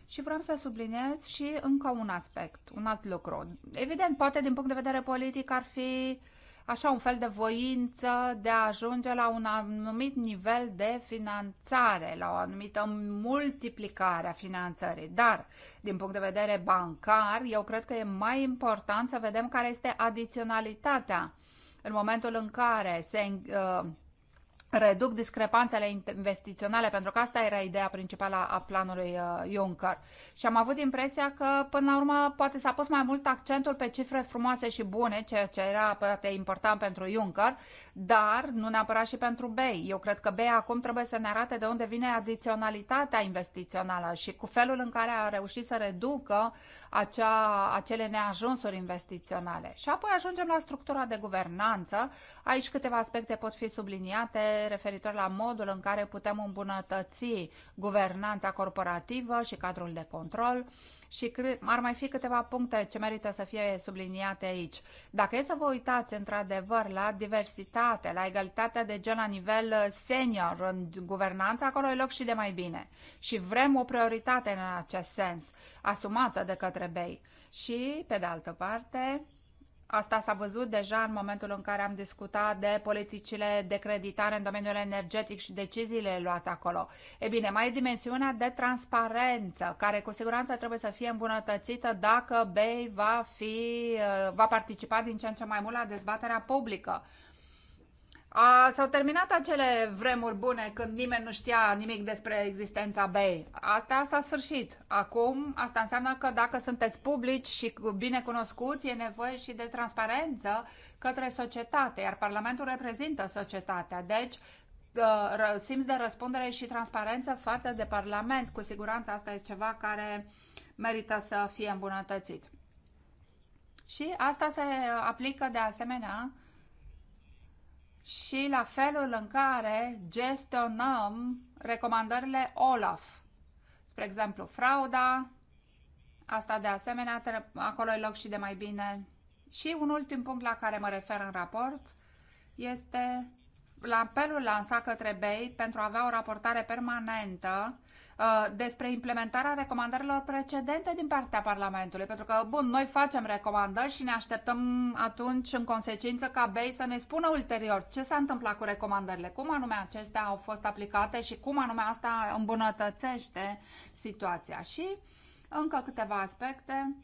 Și vreau să subliniez și încă un aspect, un alt lucru. Evident, poate din punct de vedere politic ar fi așa un fel de voință de a ajunge la un anumit nivel de finanțare, la o anumită multiplicare a finanțării. Dar, din punct de vedere bancar, eu cred că e mai important să vedem care este adiționalitatea în momentul în care se uh, reduc discrepanțele investiționale, pentru că asta era ideea principală a planului uh, Juncker. Și am avut impresia că, până la urmă, poate s-a pus mai mult accentul pe cifre frumoase și bune, ceea ce era poate important pentru Juncker, dar nu neapărat și pentru BEI. Eu cred că BEI acum trebuie să ne arate de unde vine adiționalitatea investițională și cu felul în care a reușit să reducă acea, acele neajunsuri investiționale. Și apoi ajungem la structura de guvernanță. Aici câteva aspecte pot fi subliniate referitor la modul în care putem îmbunătăți guvernanța corporativă și cadrul de control și ar mai fi câteva puncte ce merită să fie subliniate aici. Dacă e să vă uitați într-adevăr la diversitate, la egalitatea de gen la nivel uh, senior în guvernanță, acolo e loc și de mai bine. Și vrem o prioritate în acest sens, asumată de către BEI. Și, pe de altă parte, Asta s-a văzut deja în momentul în care am discutat de politicile de creditare în domeniul energetic și deciziile luate acolo. E bine, mai e dimensiunea de transparență, care cu siguranță trebuie să fie îmbunătățită dacă BEI va, fi, va participa din ce în ce mai mult la dezbaterea publică. S-au terminat acele vremuri bune când nimeni nu știa nimic despre existența BEI. Asta s-a sfârșit. Acum, asta înseamnă că dacă sunteți publici și bine cunoscuți, e nevoie și de transparență către societate, iar Parlamentul reprezintă societatea. Deci, uh, simț de răspundere și transparență față de Parlament. Cu siguranță asta e ceva care merită să fie îmbunătățit. Și asta se aplică de asemenea și la felul în care gestionăm recomandările OLAF. Spre exemplu, frauda, asta de asemenea, acolo e loc și de mai bine. Și un ultim punct la care mă refer în raport este la apelul lansat către BEI pentru a avea o raportare permanentă Uh, despre implementarea recomandărilor precedente din partea Parlamentului. Pentru că, bun, noi facem recomandări și ne așteptăm atunci, în consecință, ca BEI să ne spună ulterior ce s-a întâmplat cu recomandările, cum anume acestea au fost aplicate și cum anume asta îmbunătățește situația. Și încă câteva aspecte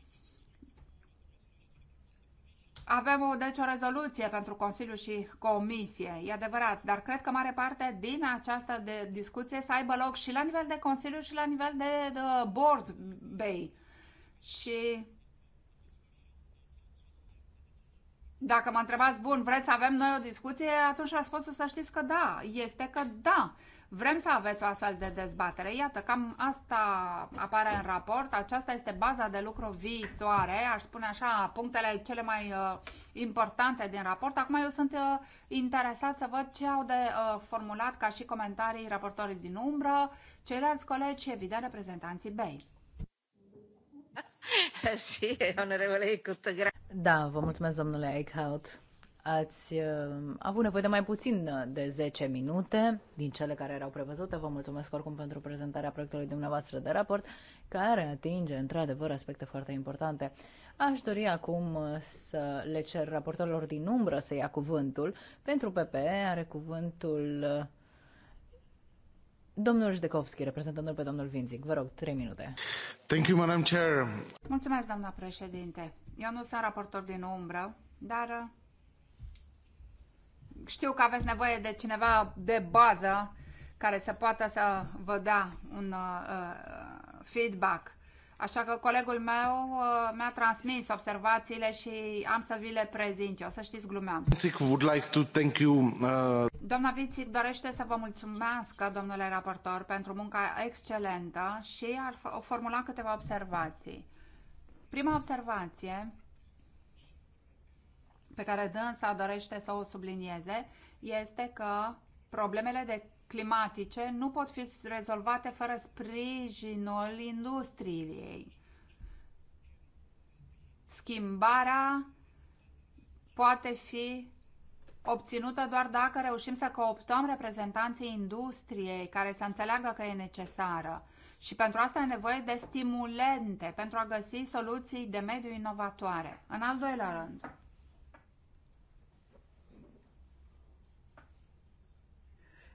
avem o, deci o rezoluție pentru Consiliu și Comisie, e adevărat, dar cred că mare parte din această de discuție să aibă loc și la nivel de Consiliu și la nivel de, de Board Bay. Și dacă mă întrebați, bun, vreți să avem noi o discuție, atunci răspunsul să știți că da, este că da. Vrem să aveți o astfel de dezbatere. Iată, cam asta apare în raport. Aceasta este baza de lucru viitoare, aș spune așa, punctele cele mai uh, importante din raport. Acum eu sunt uh, interesat să văd ce au de uh, formulat ca și comentarii raportorii din umbră, ceilalți colegi și, evident, reprezentanții BEI. [LAUGHS] Da, vă mulțumesc, domnule Eichhout. Ați uh, avut nevoie de mai puțin uh, de 10 minute din cele care erau prevăzute. Vă mulțumesc oricum pentru prezentarea proiectului dumneavoastră de raport, care atinge într-adevăr aspecte foarte importante. Aș dori acum uh, să le cer raportorilor din umbră să ia cuvântul. Pentru PP are cuvântul Domnul Jdekovski, reprezentându l pe domnul Vinzic, vă rog, 3 minute. Thank you, Madam Chair. Mulțumesc, doamna președinte. Eu nu sunt raportor din umbră, dar știu că aveți nevoie de cineva de bază care să poată să vă dea un uh, uh feedback. Așa că colegul meu uh, mi-a transmis observațiile și am să vi le prezint o să știți glumeam. Would like to thank you, uh... Doamna Vițic dorește să vă mulțumesc, domnule raportor, pentru munca excelentă și ar formula câteva observații. Prima observație pe care dânsa dorește să o sublinieze este că problemele de climatice nu pot fi rezolvate fără sprijinul industriei. Schimbarea poate fi obținută doar dacă reușim să cooptăm reprezentanții industriei care să înțeleagă că e necesară. Și pentru asta e nevoie de stimulente pentru a găsi soluții de mediu inovatoare. În al doilea rând,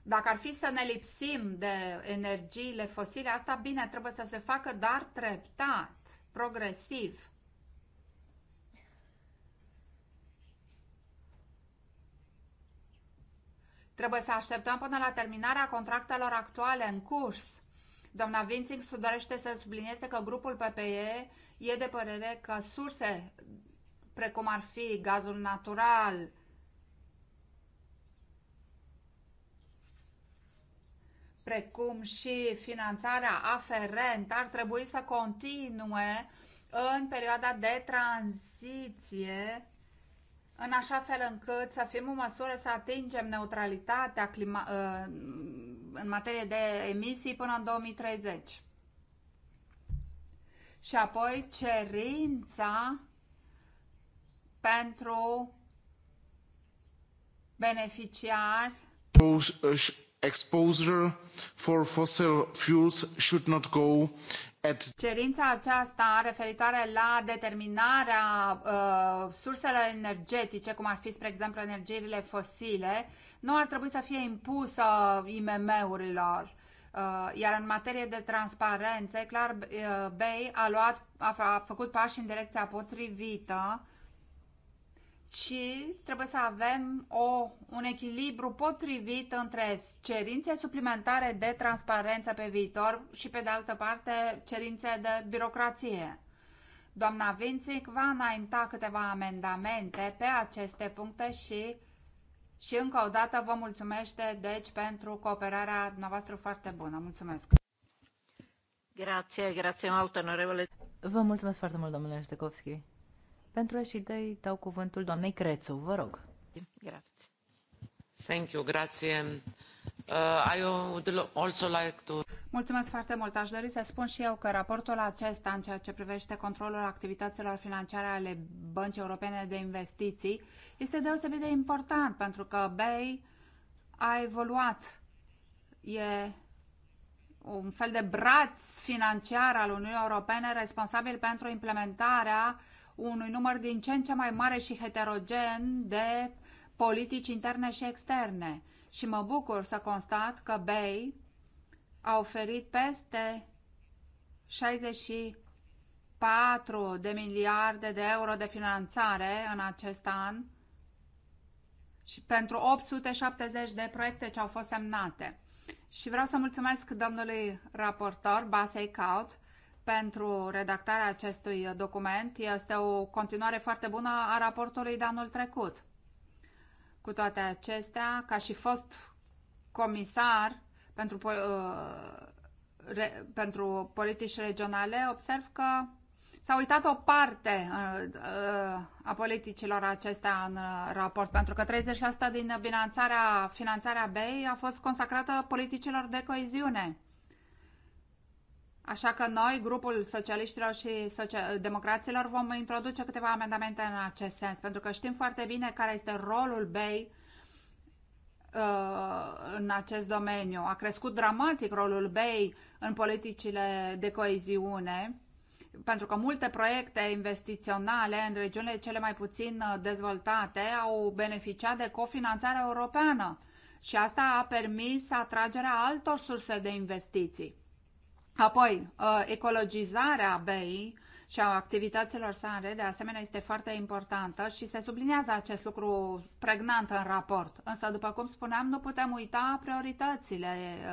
Dacă ar fi să ne lipsim de energiile fosile, asta bine, trebuie să se facă, dar treptat, progresiv. Trebuie să așteptăm până la terminarea contractelor actuale în curs. Doamna Vințing dorește să sublinieze că grupul PPE e de părere că surse precum ar fi gazul natural, precum și finanțarea aferentă ar trebui să continue în perioada de tranziție, în așa fel încât să fim în măsură să atingem neutralitatea clima, uh, în materie de emisii până în 2030. Și apoi cerința pentru beneficiari exposure for fossil fuels should not go at Cerința aceasta referitoare la determinarea uh, surselor energetice, cum ar fi, spre exemplu, energiile fosile, nu ar trebui să fie impusă IMM-urilor. Uh, iar în materie de transparență, clar, uh, Bay a, luat, a, a făcut pași în direcția potrivită ci trebuie să avem o, un echilibru potrivit între cerințe suplimentare de transparență pe viitor și, pe de altă parte, cerințe de birocrație. Doamna Vințic va înainta câteva amendamente pe aceste puncte și, și încă o dată vă mulțumește deci, pentru cooperarea noastră foarte bună. Mulțumesc! Grație, grație mult, onorevole! Vă mulțumesc foarte mult, domnule Ștecovski! Pentru și dai dau cuvântul doamnei Crețu, vă rog. Grazie. Thank you, grazie. Uh, I would also like to... Mulțumesc foarte mult. Aș dori să spun și eu că raportul acesta în ceea ce privește controlul activităților financiare ale Băncii Europene de Investiții este deosebit de important pentru că BEI a evoluat. E un fel de braț financiar al Uniunii Europene responsabil pentru implementarea uh, unui număr din ce în ce mai mare și heterogen de politici interne și externe. Și mă bucur să constat că BEI a oferit peste 64 de miliarde de euro de finanțare în acest an și pentru 870 de proiecte ce au fost semnate. Și vreau să mulțumesc domnului raportor Basei Caut pentru redactarea acestui document. Este o continuare foarte bună a raportului de anul trecut. Cu toate acestea, ca și fost comisar pentru, uh, re, pentru politici regionale, observ că S-a uitat o parte uh, uh, a politicilor acestea în raport, pentru că 30% din finanțarea, finanțarea BEI a fost consacrată politicilor de coeziune. Așa că noi, grupul socialiștilor și democraților, vom introduce câteva amendamente în acest sens, pentru că știm foarte bine care este rolul BEI uh, în acest domeniu. A crescut dramatic rolul BEI în politicile de coeziune, pentru că multe proiecte investiționale în regiunile cele mai puțin uh, dezvoltate au beneficiat de cofinanțare europeană și asta a permis atragerea altor surse de investiții. Apoi, uh, ecologizarea BEI și a activităților sale, de asemenea, este foarte importantă și se subliniază acest lucru pregnant în raport. Însă, după cum spuneam, nu putem uita prioritățile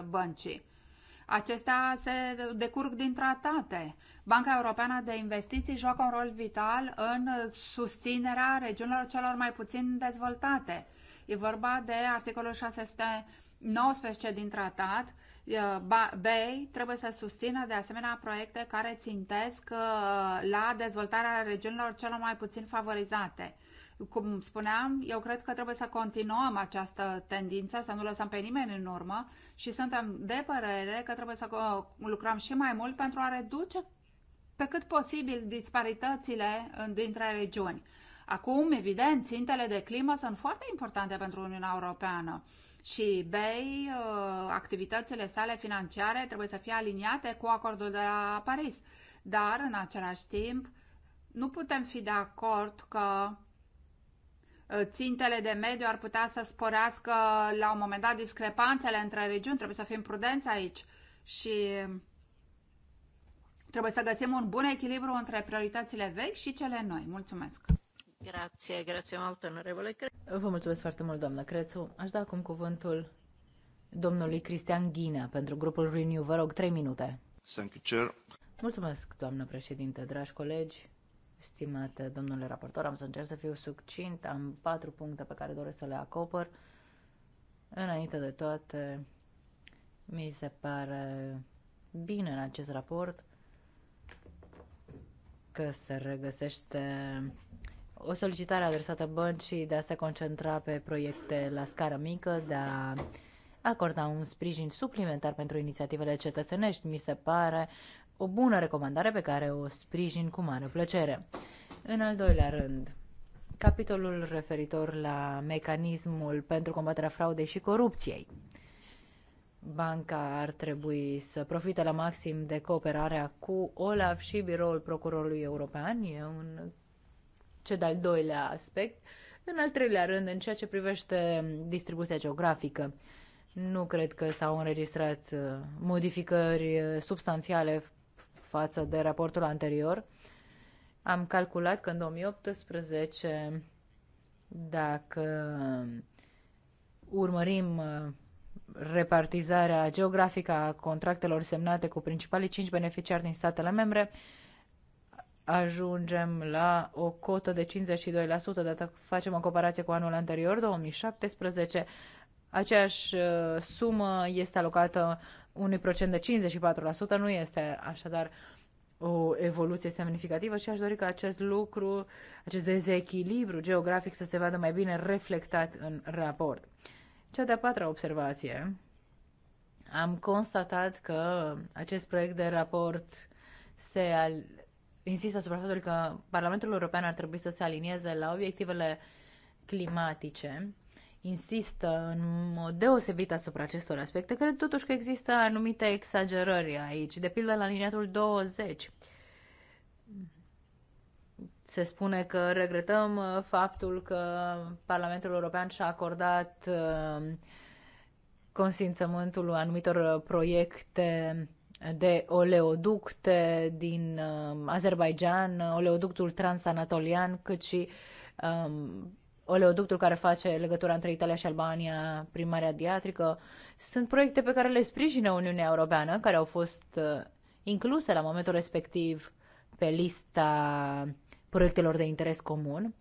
băncii. Acestea se decurg din tratate. Banca Europeană de Investiții joacă un rol vital în susținerea regiunilor celor mai puțin dezvoltate. E vorba de articolul 619 din tratat, Uh, Bay trebuie să susțină de asemenea proiecte care țintesc uh, la dezvoltarea regiunilor celor mai puțin favorizate. Cum spuneam, eu cred că trebuie să continuăm această tendință, să nu lăsăm pe nimeni în urmă și suntem de părere că trebuie să uh, lucrăm și mai mult pentru a reduce pe cât posibil disparitățile dintre regiuni. Acum, evident, țintele de climă sunt foarte importante pentru Uniunea Europeană și BEI, uh, activitățile sale financiare trebuie să fie aliniate cu acordul de la Paris. Dar, în același timp, nu putem fi de acord că uh, țintele de mediu ar putea să sporească uh, la un moment dat discrepanțele între regiuni. Trebuie să fim prudenți aici și trebuie să găsim un bun echilibru între prioritățile vechi și cele noi. Mulțumesc! Grație, grație mult, onorevole Crețu. Vă mulțumesc foarte mult, doamnă Crețu. Aș da acum cuvântul domnului Cristian Ghinea pentru grupul Renew. Vă rog, trei minute. Thank you, Chair. Mulțumesc, doamnă președinte, dragi colegi, stimate domnule raportor. Am să încerc să fiu succint. Am patru puncte pe care doresc să le acopăr. Înainte de toate, mi se pare bine în acest raport că se regăsește o solicitare adresată băncii de a se concentra pe proiecte la scară mică, de a acorda un sprijin suplimentar pentru inițiativele cetățenești, mi se pare o bună recomandare pe care o sprijin cu mare plăcere. În al doilea rând, capitolul referitor la mecanismul pentru combaterea fraudei și corupției. Banca ar trebui să profite la maxim de cooperarea cu OLAF și Biroul Procurorului European. E un cel de-al doilea aspect. În al treilea rând, în ceea ce privește distribuția geografică, nu cred că s-au înregistrat uh, modificări uh, substanțiale față de raportul anterior. Am calculat că în 2018, dacă urmărim uh, repartizarea geografică a contractelor semnate cu principalii cinci beneficiari din statele membre, ajungem la o cotă de 52%, dacă facem o comparație cu anul anterior, 2017, aceeași uh, sumă este alocată unui procent de 54%, nu este așadar o evoluție semnificativă și aș dori ca acest lucru, acest dezechilibru geografic să se vadă mai bine reflectat în raport. Cea de-a patra observație, am constatat că acest proiect de raport se al- insist asupra faptului că Parlamentul European ar trebui să se alinieze la obiectivele climatice. Insistă în mod deosebit asupra acestor aspecte. Cred totuși că există anumite exagerări aici. De pildă la liniatul 20 se spune că regretăm uh, faptul că Parlamentul European și-a acordat uh, consimțământul anumitor uh, proiecte de oleoducte din um, Azerbaijan, oleoductul transanatolian, cât și um, oleoductul care face legătura între Italia și Albania prin Marea Adriatică. Sunt proiecte pe care le sprijină Uniunea Europeană, care au fost uh, incluse la momentul respectiv pe lista proiectelor de interes comun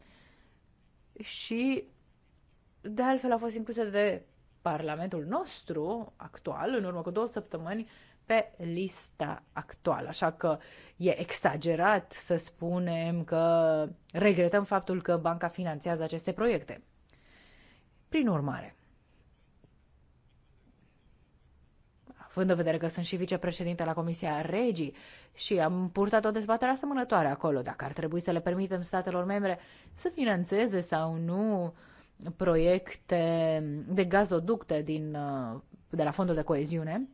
și de altfel au fost incluse de Parlamentul nostru actual, în urmă cu două săptămâni, pe lista actuală. Așa că e exagerat să spunem că regretăm faptul că banca finanțează aceste proiecte. Prin urmare, având în vedere că sunt și vicepreședinte la Comisia Regii și am purtat o dezbatere asemănătoare acolo, dacă ar trebui să le permitem statelor membre să financeze sau nu proiecte de gazoducte din, de la fondul de coeziune,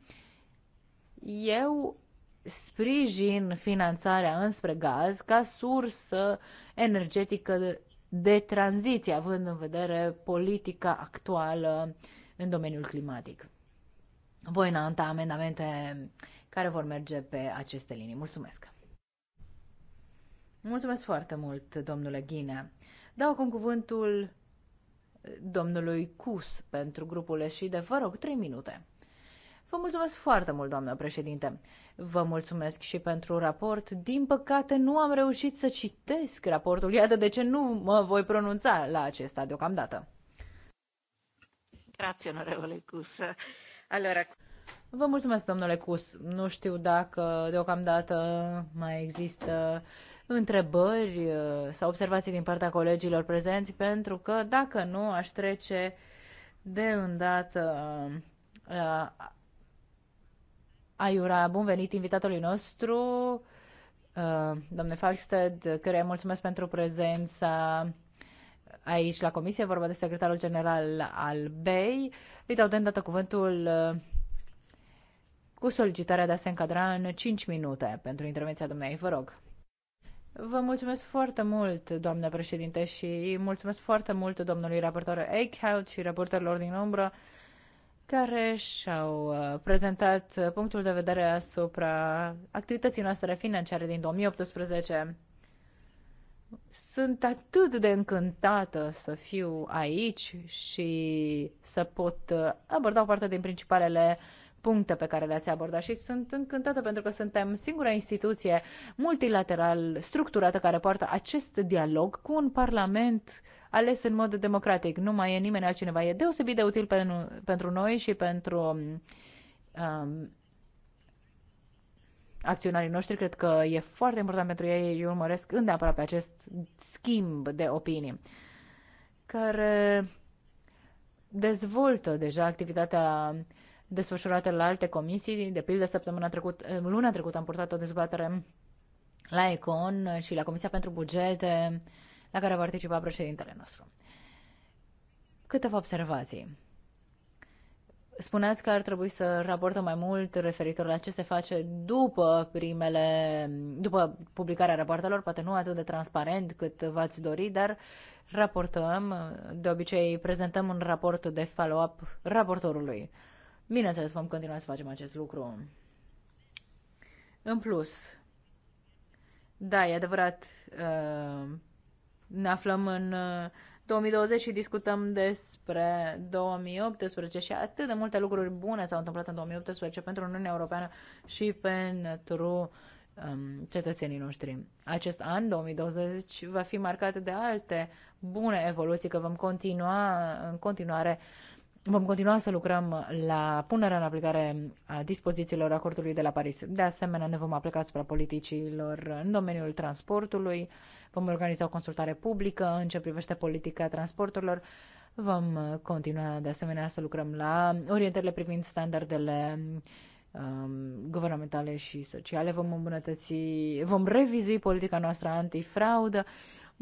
eu sprijin finanțarea înspre gaz ca sursă energetică de, tranziție, având în vedere politica actuală în domeniul climatic. Voi înainta amendamente care vor merge pe aceste linii. Mulțumesc! Mulțumesc foarte mult, domnule Ghinea. Dau acum cuvântul domnului Cus pentru grupul și de vă rog, 3 minute. Vă mulțumesc foarte mult, doamnă președinte. Vă mulțumesc și pentru raport. Din păcate, nu am reușit să citesc raportul. Iată de ce nu mă voi pronunța la acesta deocamdată. Grazie, onorevole Cus. Allora... Vă mulțumesc, domnule Cus. Nu știu dacă deocamdată mai există întrebări uh, sau observații din partea colegilor prezenți, pentru că dacă nu, aș trece de îndată uh, la Aiura, bun venit invitatului nostru, uh, domnule Falksted, căruia mulțumesc pentru prezența aici la comisie, vorba de secretarul general al BEI. Îi dau de îndată cuvântul uh, cu solicitarea de a se încadra în 5 minute pentru intervenția dumneai, vă rog. Vă mulțumesc foarte mult, doamne președinte, și mulțumesc foarte mult domnului raportor Eichhout și raportorilor din umbră care și-au uh, prezentat uh, punctul de vedere asupra activității noastre financiare din 2018. Sunt atât de încântată să fiu aici și să pot uh, aborda o parte din principalele uh, puncte pe care le-ați abordat și sunt încântată pentru că suntem singura instituție multilateral structurată care poartă acest dialog cu un parlament ales în mod democratic. Nu mai e nimeni altcineva. E deosebit de util pen, pentru noi și pentru um, acționarii noștri. Cred că e foarte important pentru ei. Eu urmăresc îndeaproape acest schimb de opinii care dezvoltă deja activitatea uh, desfășurate la alte comisii. De pildă, săptămâna trecută, eh, luna trecută am purtat o dezbatere la Econ eh, și la Comisia pentru Bugete, la care a participat președintele nostru. Câteva observații. Spuneați că ar trebui să raportăm mai mult referitor la ce se face după primele, după publicarea rapoartelor, poate nu atât de transparent cât v-ați dori, dar raportăm, de obicei prezentăm un raport de follow-up raportorului. Bineînțeles, vom continua să facem acest lucru. În plus, da, e adevărat, uh, ne aflăm în 2020 uh, și discutăm despre 2018 și atât de multe lucruri bune s-au întâmplat în 2018 pentru Uniunea Europeană și pentru um, cetățenii noștri. Acest an, 2020, va fi marcat de alte bune evoluții, că vom continua în continuare uh, Vom continua să lucrăm la punerea în aplicare a dispozițiilor acordului de la Paris. De asemenea, ne vom aplica asupra politicilor în domeniul transportului, vom organiza o consultare publică în ce privește politica transporturilor, vom continua de asemenea să lucrăm la orientările privind standardele um, guvernamentale și sociale, vom îmbunătăți, vom revizui politica noastră antifraudă,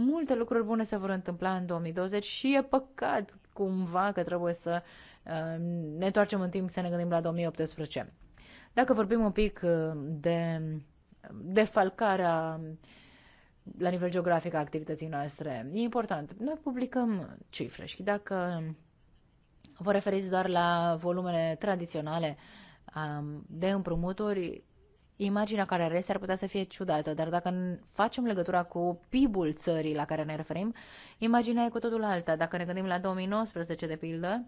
Multe lucruri bune se vor întâmpla în 2020 și e păcat cumva că trebuie să uh, ne întoarcem în timp să ne gândim la 2018. Dacă vorbim un pic uh, de defalcarea la nivel geografic a activității noastre, e important. Noi publicăm cifre și dacă vă referiți doar la volumele tradiționale um, de împrumuturi, imaginea care rese ar putea să fie ciudată, dar dacă facem legătura cu PIB-ul țării la care ne referim, imaginea e cu totul alta. Dacă ne gândim la 2019, de pildă,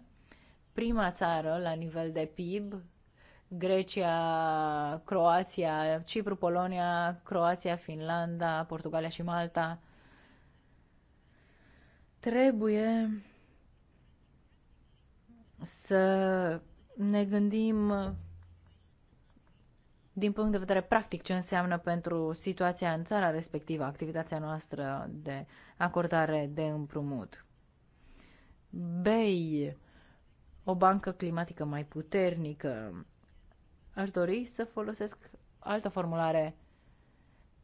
prima țară la nivel de PIB, Grecia, Croația, Cipru, Polonia, Croația, Finlanda, Portugalia și Malta, trebuie să ne gândim din punct de vedere practic ce înseamnă pentru situația în țara respectivă, activitatea noastră de acordare de împrumut. BEI, o bancă climatică mai puternică, aș dori să folosesc altă formulare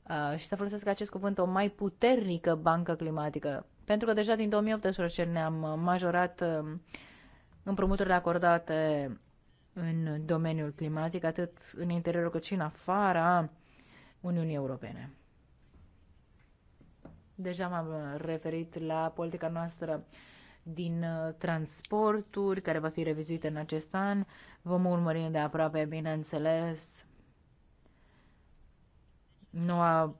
uh, și să folosesc acest cuvânt, o mai puternică bancă climatică, pentru că deja din 2018 ne-am majorat uh, împrumuturile acordate în domeniul climatic, atât în interiorul cât și în afara Uniunii Europene. Deja m-am referit la politica noastră din uh, transporturi, care va fi revizuită în acest an. Vom urmări de aproape, bineînțeles, noua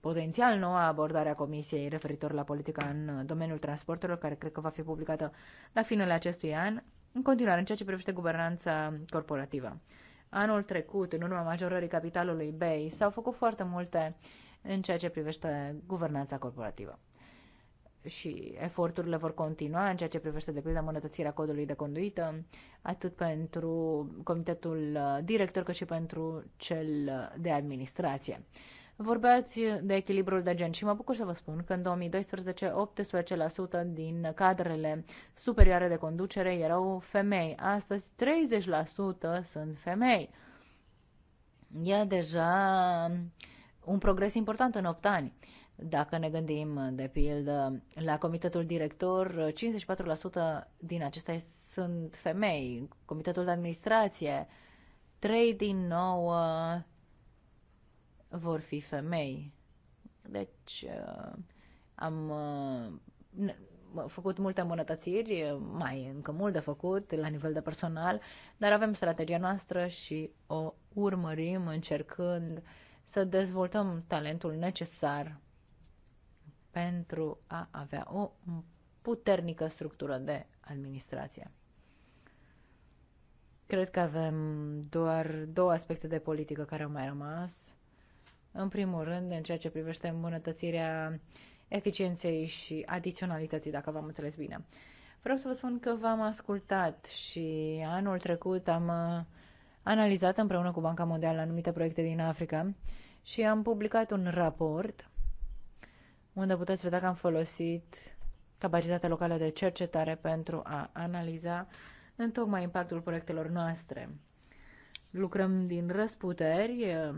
potențial noua abordare a Comisiei referitor la politica în domeniul transporturilor, care cred că va fi publicată la finele acestui an. În continuare, în ceea ce privește guvernanța corporativă. Anul trecut, în urma majorării capitalului BEI, s-au făcut foarte multe în ceea ce privește guvernanța corporativă. Și eforturile vor continua în ceea ce privește, de pildă, îmbunătățirea codului de conduită, atât pentru comitetul uh, director, cât și pentru cel uh, de administrație. Vorbeați de echilibrul de gen și mă bucur să vă spun că în 2012 18% din cadrele superioare de conducere erau femei. Astăzi 30% sunt femei. E deja un progres important în 8 ani. Dacă ne gândim, de pildă, la comitetul director, 54% din acestea sunt femei, comitetul de administrație, 3 din 9 vor fi femei. Deci uh, am uh, făcut multe îmbunătățiri, mai încă mult de făcut la nivel de personal, dar avem strategia noastră și o urmărim încercând să dezvoltăm talentul necesar pentru a avea o puternică structură de administrație. Cred că avem doar două aspecte de politică care au mai rămas. În primul rând, în ceea ce privește îmbunătățirea eficienței și adiționalității, dacă v-am înțeles bine. Vreau să vă spun că v-am ascultat și anul trecut am uh, analizat împreună cu Banca Mondială anumite proiecte din Africa și am publicat un raport unde puteți vedea că am folosit capacitatea locală de cercetare pentru a analiza în tocmai impactul proiectelor noastre. Lucrăm din răsputeri, uh,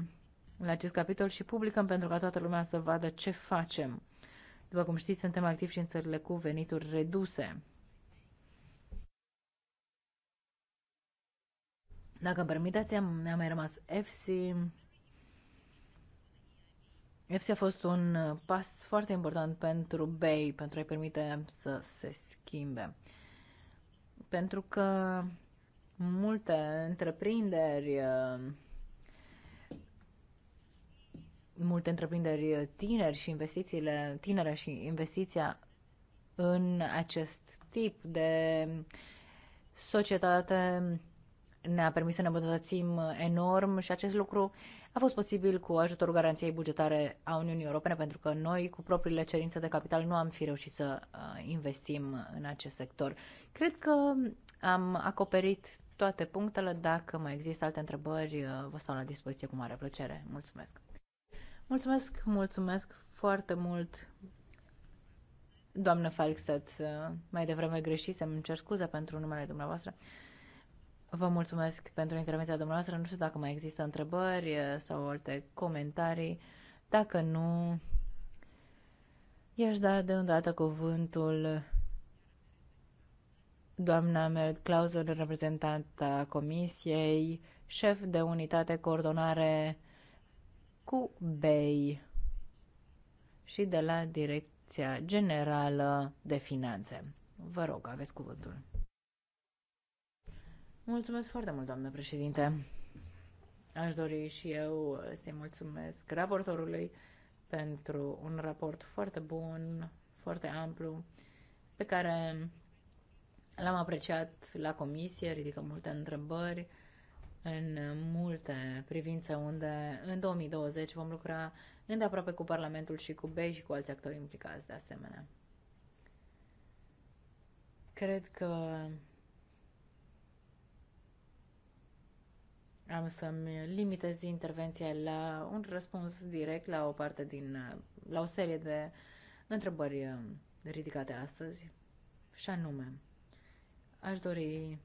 la acest capitol și publicăm pentru ca toată lumea să vadă ce facem. După cum știți, suntem activi și în țările cu venituri reduse. Dacă îmi permiteți, mi-a mai rămas EFSI. EFSI a fost un pas foarte important pentru BEI, pentru a-i permite să se schimbe. Pentru că multe întreprinderi uh, multe întreprinderi uh, tineri și investițiile tinere și investiția în acest tip de societate ne-a permis să ne îmbunătățim enorm și acest lucru a fost posibil cu ajutorul garanției bugetare a Uniunii Europene, pentru că noi, cu propriile cerințe de capital, nu am fi reușit să uh, investim în acest sector. Cred că am acoperit toate punctele. Dacă mai există alte întrebări, uh, vă stau la dispoziție cu mare plăcere. Mulțumesc! Mulțumesc, mulțumesc foarte mult, doamnă Falkset. Mai devreme să mi cer scuze pentru numele dumneavoastră. Vă mulțumesc pentru intervenția dumneavoastră. Nu știu dacă mai există întrebări sau alte comentarii. Dacă nu, i-aș da de îndată cuvântul doamna Merit Clauser, reprezentanta Comisiei, șef de unitate coordonare cu BEI și de la Direcția Generală de Finanțe. Vă rog, aveți cuvântul. Mulțumesc foarte mult, doamnă președinte. Aș dori și eu să-i mulțumesc raportorului pentru un raport foarte bun, foarte amplu, pe care l-am apreciat la comisie, ridică multe întrebări în multe privințe unde în 2020 vom lucra îndeaproape cu Parlamentul și cu BEI și cu alți actori implicați de asemenea. Cred că am să-mi limitez intervenția la un răspuns direct la o parte din, la o serie de întrebări um, ridicate astăzi și anume, aș dori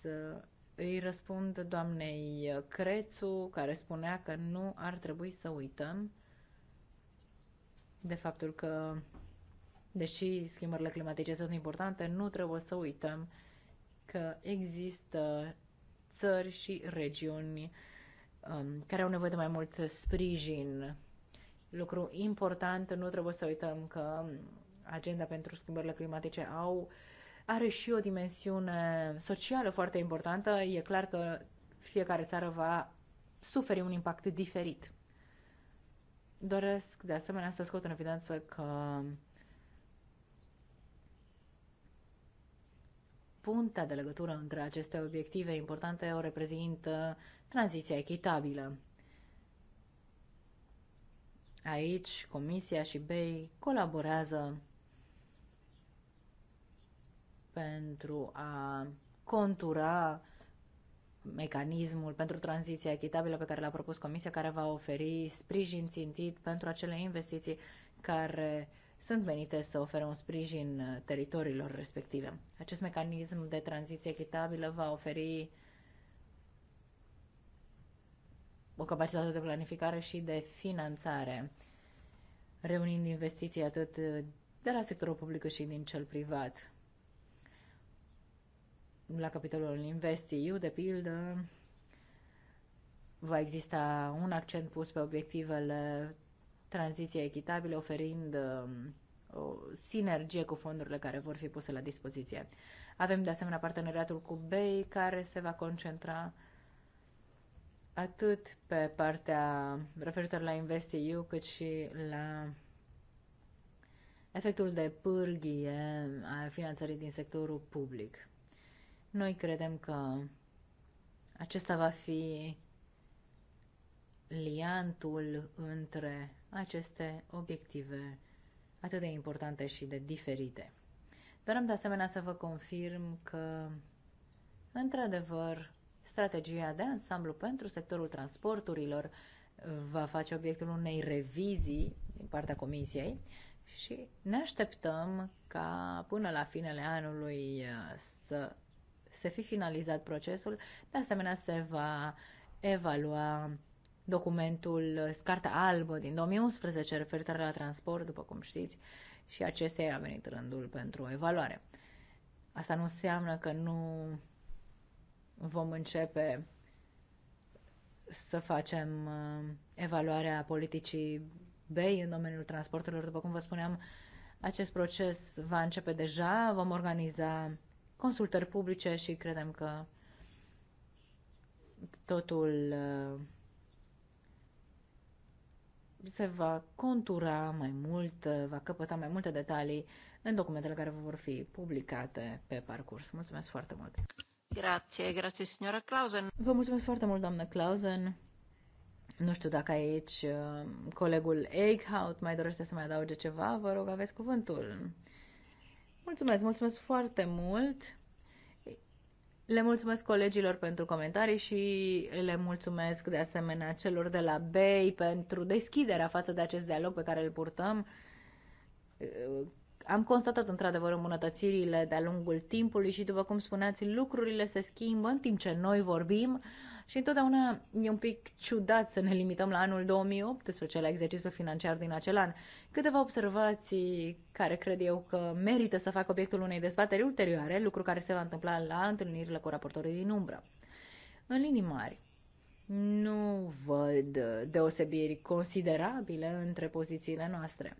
să îi răspund doamnei Crețu, care spunea că nu ar trebui să uităm de faptul că, deși schimbările climatice sunt importante, nu trebuie să uităm că există țări și regiuni um, care au nevoie de mai mult sprijin. Lucru important, nu trebuie să uităm că agenda pentru schimbările climatice au uh, are și o dimensiune socială foarte importantă. E clar că fiecare țară va suferi un impact diferit. Doresc, de asemenea, să scot în evidență că puntea de legătură între aceste obiective importante o reprezintă tranziția echitabilă. Aici, Comisia și BEI colaborează pentru a contura mecanismul pentru tranziția echitabilă pe care l-a propus Comisia, care va oferi sprijin țintit pentru acele investiții care sunt venite să ofere un sprijin teritoriilor respective. Acest mecanism de tranziție echitabilă va oferi o capacitate de planificare și de finanțare, reunind investiții atât de la sectorul public cât și din cel privat la capitolul InvestEU, de pildă, va exista un accent pus pe obiectivele tranziției echitabile, oferind um, o sinergie cu fondurile care vor fi puse la dispoziție. Avem de asemenea parteneriatul cu BEI, care se va concentra atât pe partea referitor la InvestEU, cât și la efectul de pârghie al finanțării din sectorul public. Noi credem că acesta va fi liantul între aceste obiective atât de importante și de diferite. am de asemenea să vă confirm că, într-adevăr, strategia de ansamblu pentru sectorul transporturilor va face obiectul unei revizii din partea Comisiei și ne așteptăm ca până la finele anului să se fi finalizat procesul, de asemenea se va evalua documentul scarta Albă din 2011 referitoare la transport, după cum știți, și acestea a venit rândul pentru evaluare. Asta nu înseamnă că nu vom începe să facem uh, evaluarea politicii BEI în domeniul transporturilor. După cum vă spuneam, acest proces va începe deja, vom organiza consultări publice și credem că totul uh, se va contura mai mult, uh, va căpăta mai multe detalii în documentele care vor fi publicate pe parcurs. Mulțumesc foarte mult! Grație, grație, signora Clausen! Vă mulțumesc foarte mult, doamnă Clausen! Nu știu dacă aici uh, colegul Eichhout mai dorește să mai adauge ceva, vă rog, aveți cuvântul. Mulțumesc, mulțumesc foarte mult. Le mulțumesc colegilor pentru comentarii și le mulțumesc de asemenea celor de la BEI pentru deschiderea față de acest dialog pe care îl purtăm. Am constatat într-adevăr îmbunătățirile de-a lungul timpului și, după cum spuneați, lucrurile se schimbă în timp ce noi vorbim. Și întotdeauna e un pic ciudat să ne limităm la anul 2018, la exercițiul financiar din acel an. Câteva observații care cred eu că merită să facă obiectul unei dezbateri ulterioare, lucru care se va întâmpla la întâlnirile cu raportorii din umbră. În linii mari, nu văd deosebiri considerabile între pozițiile noastre.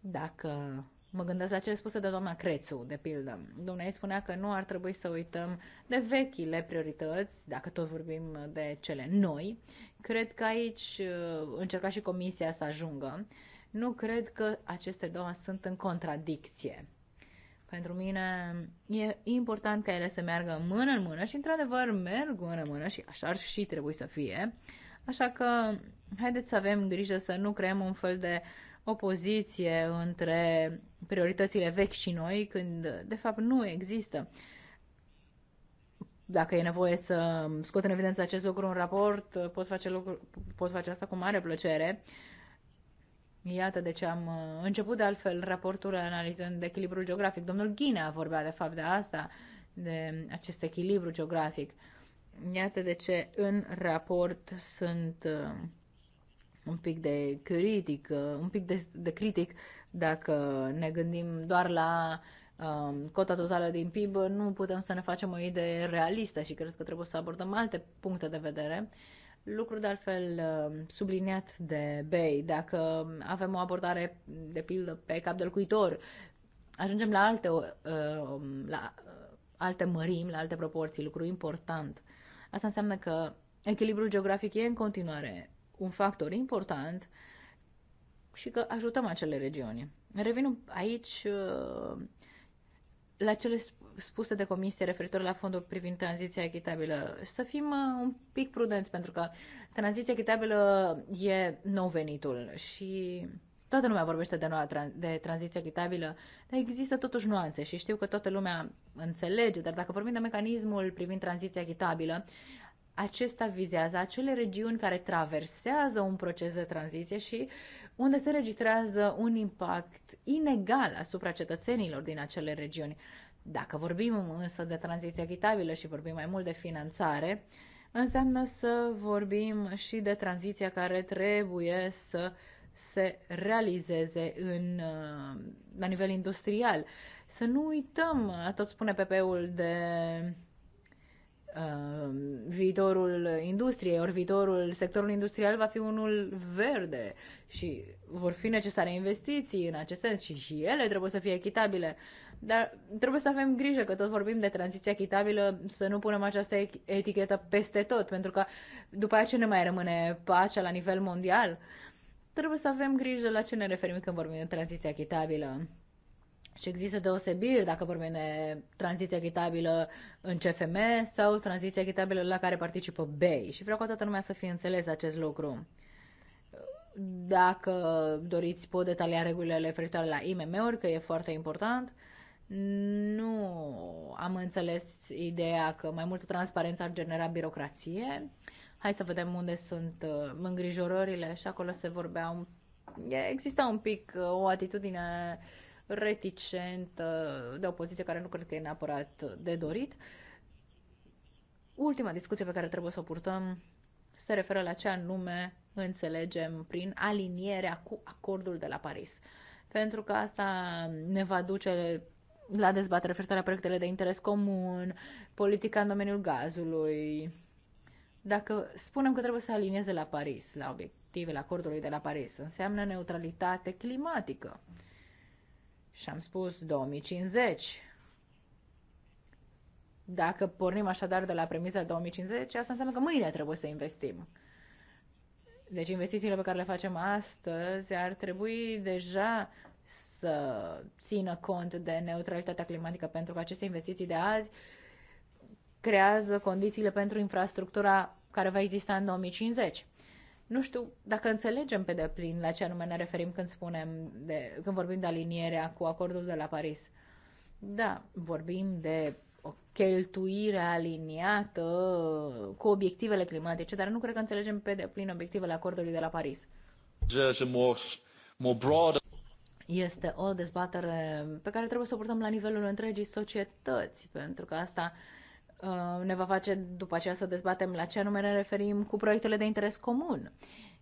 Dacă Mă gândesc la cele spuse de doamna Crețu, de pildă. ei spunea că nu ar trebui să uităm de vechile priorități, dacă tot vorbim de cele noi. Cred că aici uh, încerca și comisia să ajungă. Nu cred că aceste două sunt în contradicție. Pentru mine e important ca ele să meargă mână în mână și, într-adevăr, merg mână în mână și așa ar și trebui să fie. Așa că haideți să avem grijă să nu creăm un fel de uh, opoziție între prioritățile vechi și noi, când de fapt nu există. Dacă e nevoie să scot în evidență acest lucru în raport, pot face, lucru, pot face asta cu mare plăcere. Iată de ce am uh, început de altfel raportul analizând echilibrul geografic. Domnul Ghinea vorbea de fapt de asta, de acest echilibru geografic. Iată de ce în raport sunt uh, un pic de critic, un pic de, de critic dacă ne gândim doar la um, cota totală din PIB, nu putem să ne facem o idee realistă și cred că trebuie să abordăm alte puncte de vedere. Lucru de altfel um, subliniat de Bay, dacă avem o abordare de pildă pe cap de locuitor, ajungem la alte, uh, um, la uh, alte mărimi, la alte proporții, lucru important. Asta înseamnă că echilibrul geografic e în continuare un factor important și că ajutăm acele regiuni. Revin aici uh, la cele spuse de comisie referitor la fondul privind tranziția echitabilă. Să fim uh, un pic prudenți, pentru că tranziția echitabilă e nou venitul și toată lumea vorbește de, noua, de tranziția echitabilă, dar există totuși nuanțe și știu că toată lumea înțelege, dar dacă vorbim de mecanismul privind tranziția echitabilă, acesta vizează acele regiuni care traversează un proces de tranziție și unde se registrează un impact inegal asupra cetățenilor din acele regiuni. Dacă vorbim însă de tranziție echitabilă și vorbim mai mult de finanțare, înseamnă să vorbim și de tranziția care trebuie să se realizeze în, uh, la nivel industrial. Să nu uităm, uh, tot spune PP-ul de Um, viitorul industriei, ori viitorul sectorului industrial va fi unul verde și vor fi necesare investiții în acest sens și, și ele trebuie să fie echitabile. Dar trebuie să avem grijă că tot vorbim de tranziție echitabilă, să nu punem această etichetă peste tot, pentru că după aceea ce ne mai rămâne pacea la nivel mondial? Trebuie să avem grijă la ce ne referim când vorbim de tranziție echitabilă și există deosebiri dacă vorbim de tranziție echitabilă în CFM sau tranziție echitabilă la care participă BEI. Și vreau ca toată lumea să fie înțeles acest lucru. Dacă doriți, pot detalia regulile referitoare la IMM-uri, că e foarte important. Nu am înțeles ideea că mai multă transparență ar genera birocrație. Hai să vedem unde sunt uh, îngrijorările și acolo se vorbea un... exista un pic uh, o atitudine uh, reticentă, de o poziție care nu cred că e neapărat de dorit. Ultima discuție pe care trebuie să o purtăm se referă la ce anume înțelegem prin alinierea cu acordul de la Paris. Pentru că asta ne va duce la dezbatere referitoare la proiectele de interes comun, politica în domeniul gazului. Dacă spunem că trebuie să alinieze la Paris, la obiectivele acordului de la Paris, înseamnă neutralitate climatică. Și am spus 2050. Dacă pornim așadar de la premisa 2050, asta înseamnă că mâine trebuie să investim. Deci investițiile pe care le facem astăzi ar trebui deja să țină cont de neutralitatea climatică, pentru că aceste investiții de azi creează condițiile pentru infrastructura care va exista în 2050. Nu știu dacă înțelegem pe deplin la ce anume ne referim când spunem de, când vorbim de alinierea cu acordul de la Paris. Da, vorbim de o cheltuire aliniată cu obiectivele climatice, dar nu cred că înțelegem pe deplin obiectivele acordului de la Paris. Este o dezbatere pe care trebuie să o purtăm la nivelul întregii societăți, pentru că asta Uh, ne va face după aceea să dezbatem la ce anume ne referim cu proiectele de interes comun.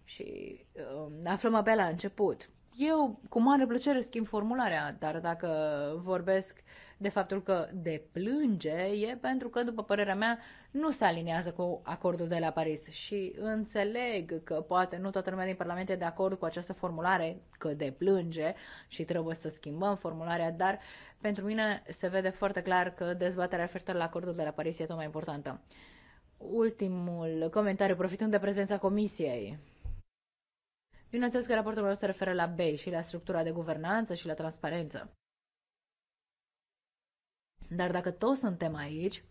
Și uh, ne aflăm abia la început. Eu cu mare plăcere schimb formularea, dar dacă vorbesc uh, de faptul că deplânge e pentru că, după părerea mea, nu se aliniază cu acordul de la Paris și înțeleg că poate nu toată lumea din Parlament e de acord cu această formulare că deplânge și trebuie să schimbăm formularea, dar pentru mine se vede foarte clar că dezbaterea referitoare la acordul de la Paris e tot mai importantă. Ultimul comentariu, profitând de prezența comisiei. Bineînțeles că raportul meu se referă la BEI și la structura de guvernanță și la transparență. Dar dacă toți suntem aici,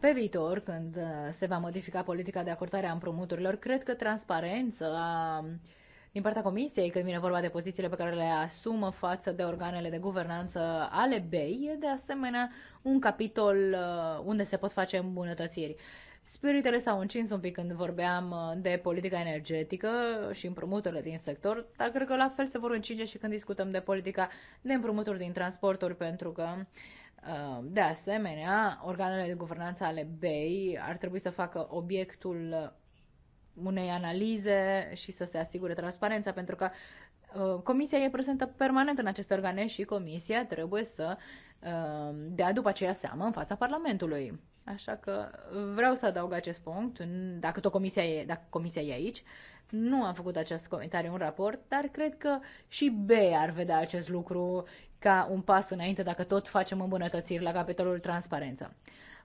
pe viitor, când uh, se va modifica politica de acordare a împrumuturilor, cred că transparența um, din partea Comisiei, când vine vorba de pozițiile pe care le asumă față de organele de guvernanță ale BEI, e de asemenea un capitol uh, unde se pot face îmbunătățiri. Spiritele s-au încins un pic când vorbeam uh, de politica energetică și împrumuturile din sector, dar cred că la fel se vor încinge și când discutăm de politica de împrumuturi din transporturi, pentru că uh, Uh, de asemenea, organele de guvernanță ale BEI ar trebui să facă obiectul unei analize și să se asigure transparența, pentru că uh, Comisia e prezentă permanent în aceste organe și Comisia trebuie să uh, dea după aceea seamă în fața Parlamentului. Așa că vreau să adaug acest punct. Dacă tot comisia e, dacă comisia e aici, nu am făcut acest comentariu în raport, dar cred că și B ar vedea acest lucru ca un pas înainte dacă tot facem îmbunătățiri la capitolul transparență.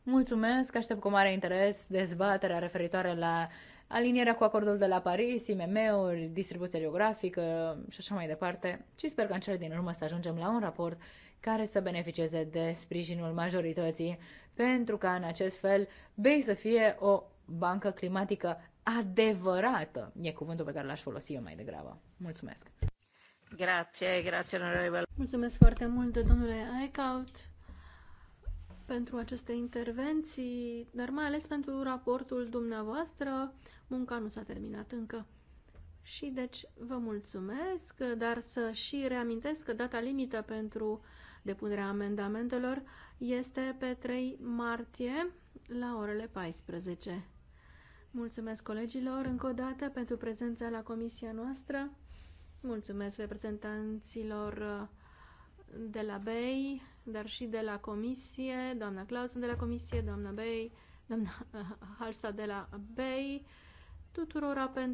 Mulțumesc, aștept cu mare interes dezbaterea referitoare la alinierea cu acordul de la Paris, IMM-uri, distribuția geografică și așa mai departe și sper că în cele din urmă să ajungem la un raport care să beneficieze de sprijinul majorității pentru ca în acest fel BEI să fie o bancă climatică adevărată. E cuvântul pe care l-aș folosi eu mai degrabă. Mulțumesc! Mulțumesc foarte mult, domnule Eichaut, pentru aceste intervenții, dar mai ales pentru raportul dumneavoastră. Munca nu s-a terminat încă. Și deci vă mulțumesc, dar să și reamintesc că data limită pentru depunerea amendamentelor este pe 3 martie la orele 14. Mulțumesc colegilor încă o dată pentru prezența la comisia noastră. Mulțumesc reprezentanților uh, de la BEI, dar și de la Comisie, doamna Clausen de la Comisie, doamna BEI, doamna [LAUGHS] Halsa de la BEI, tuturora pentru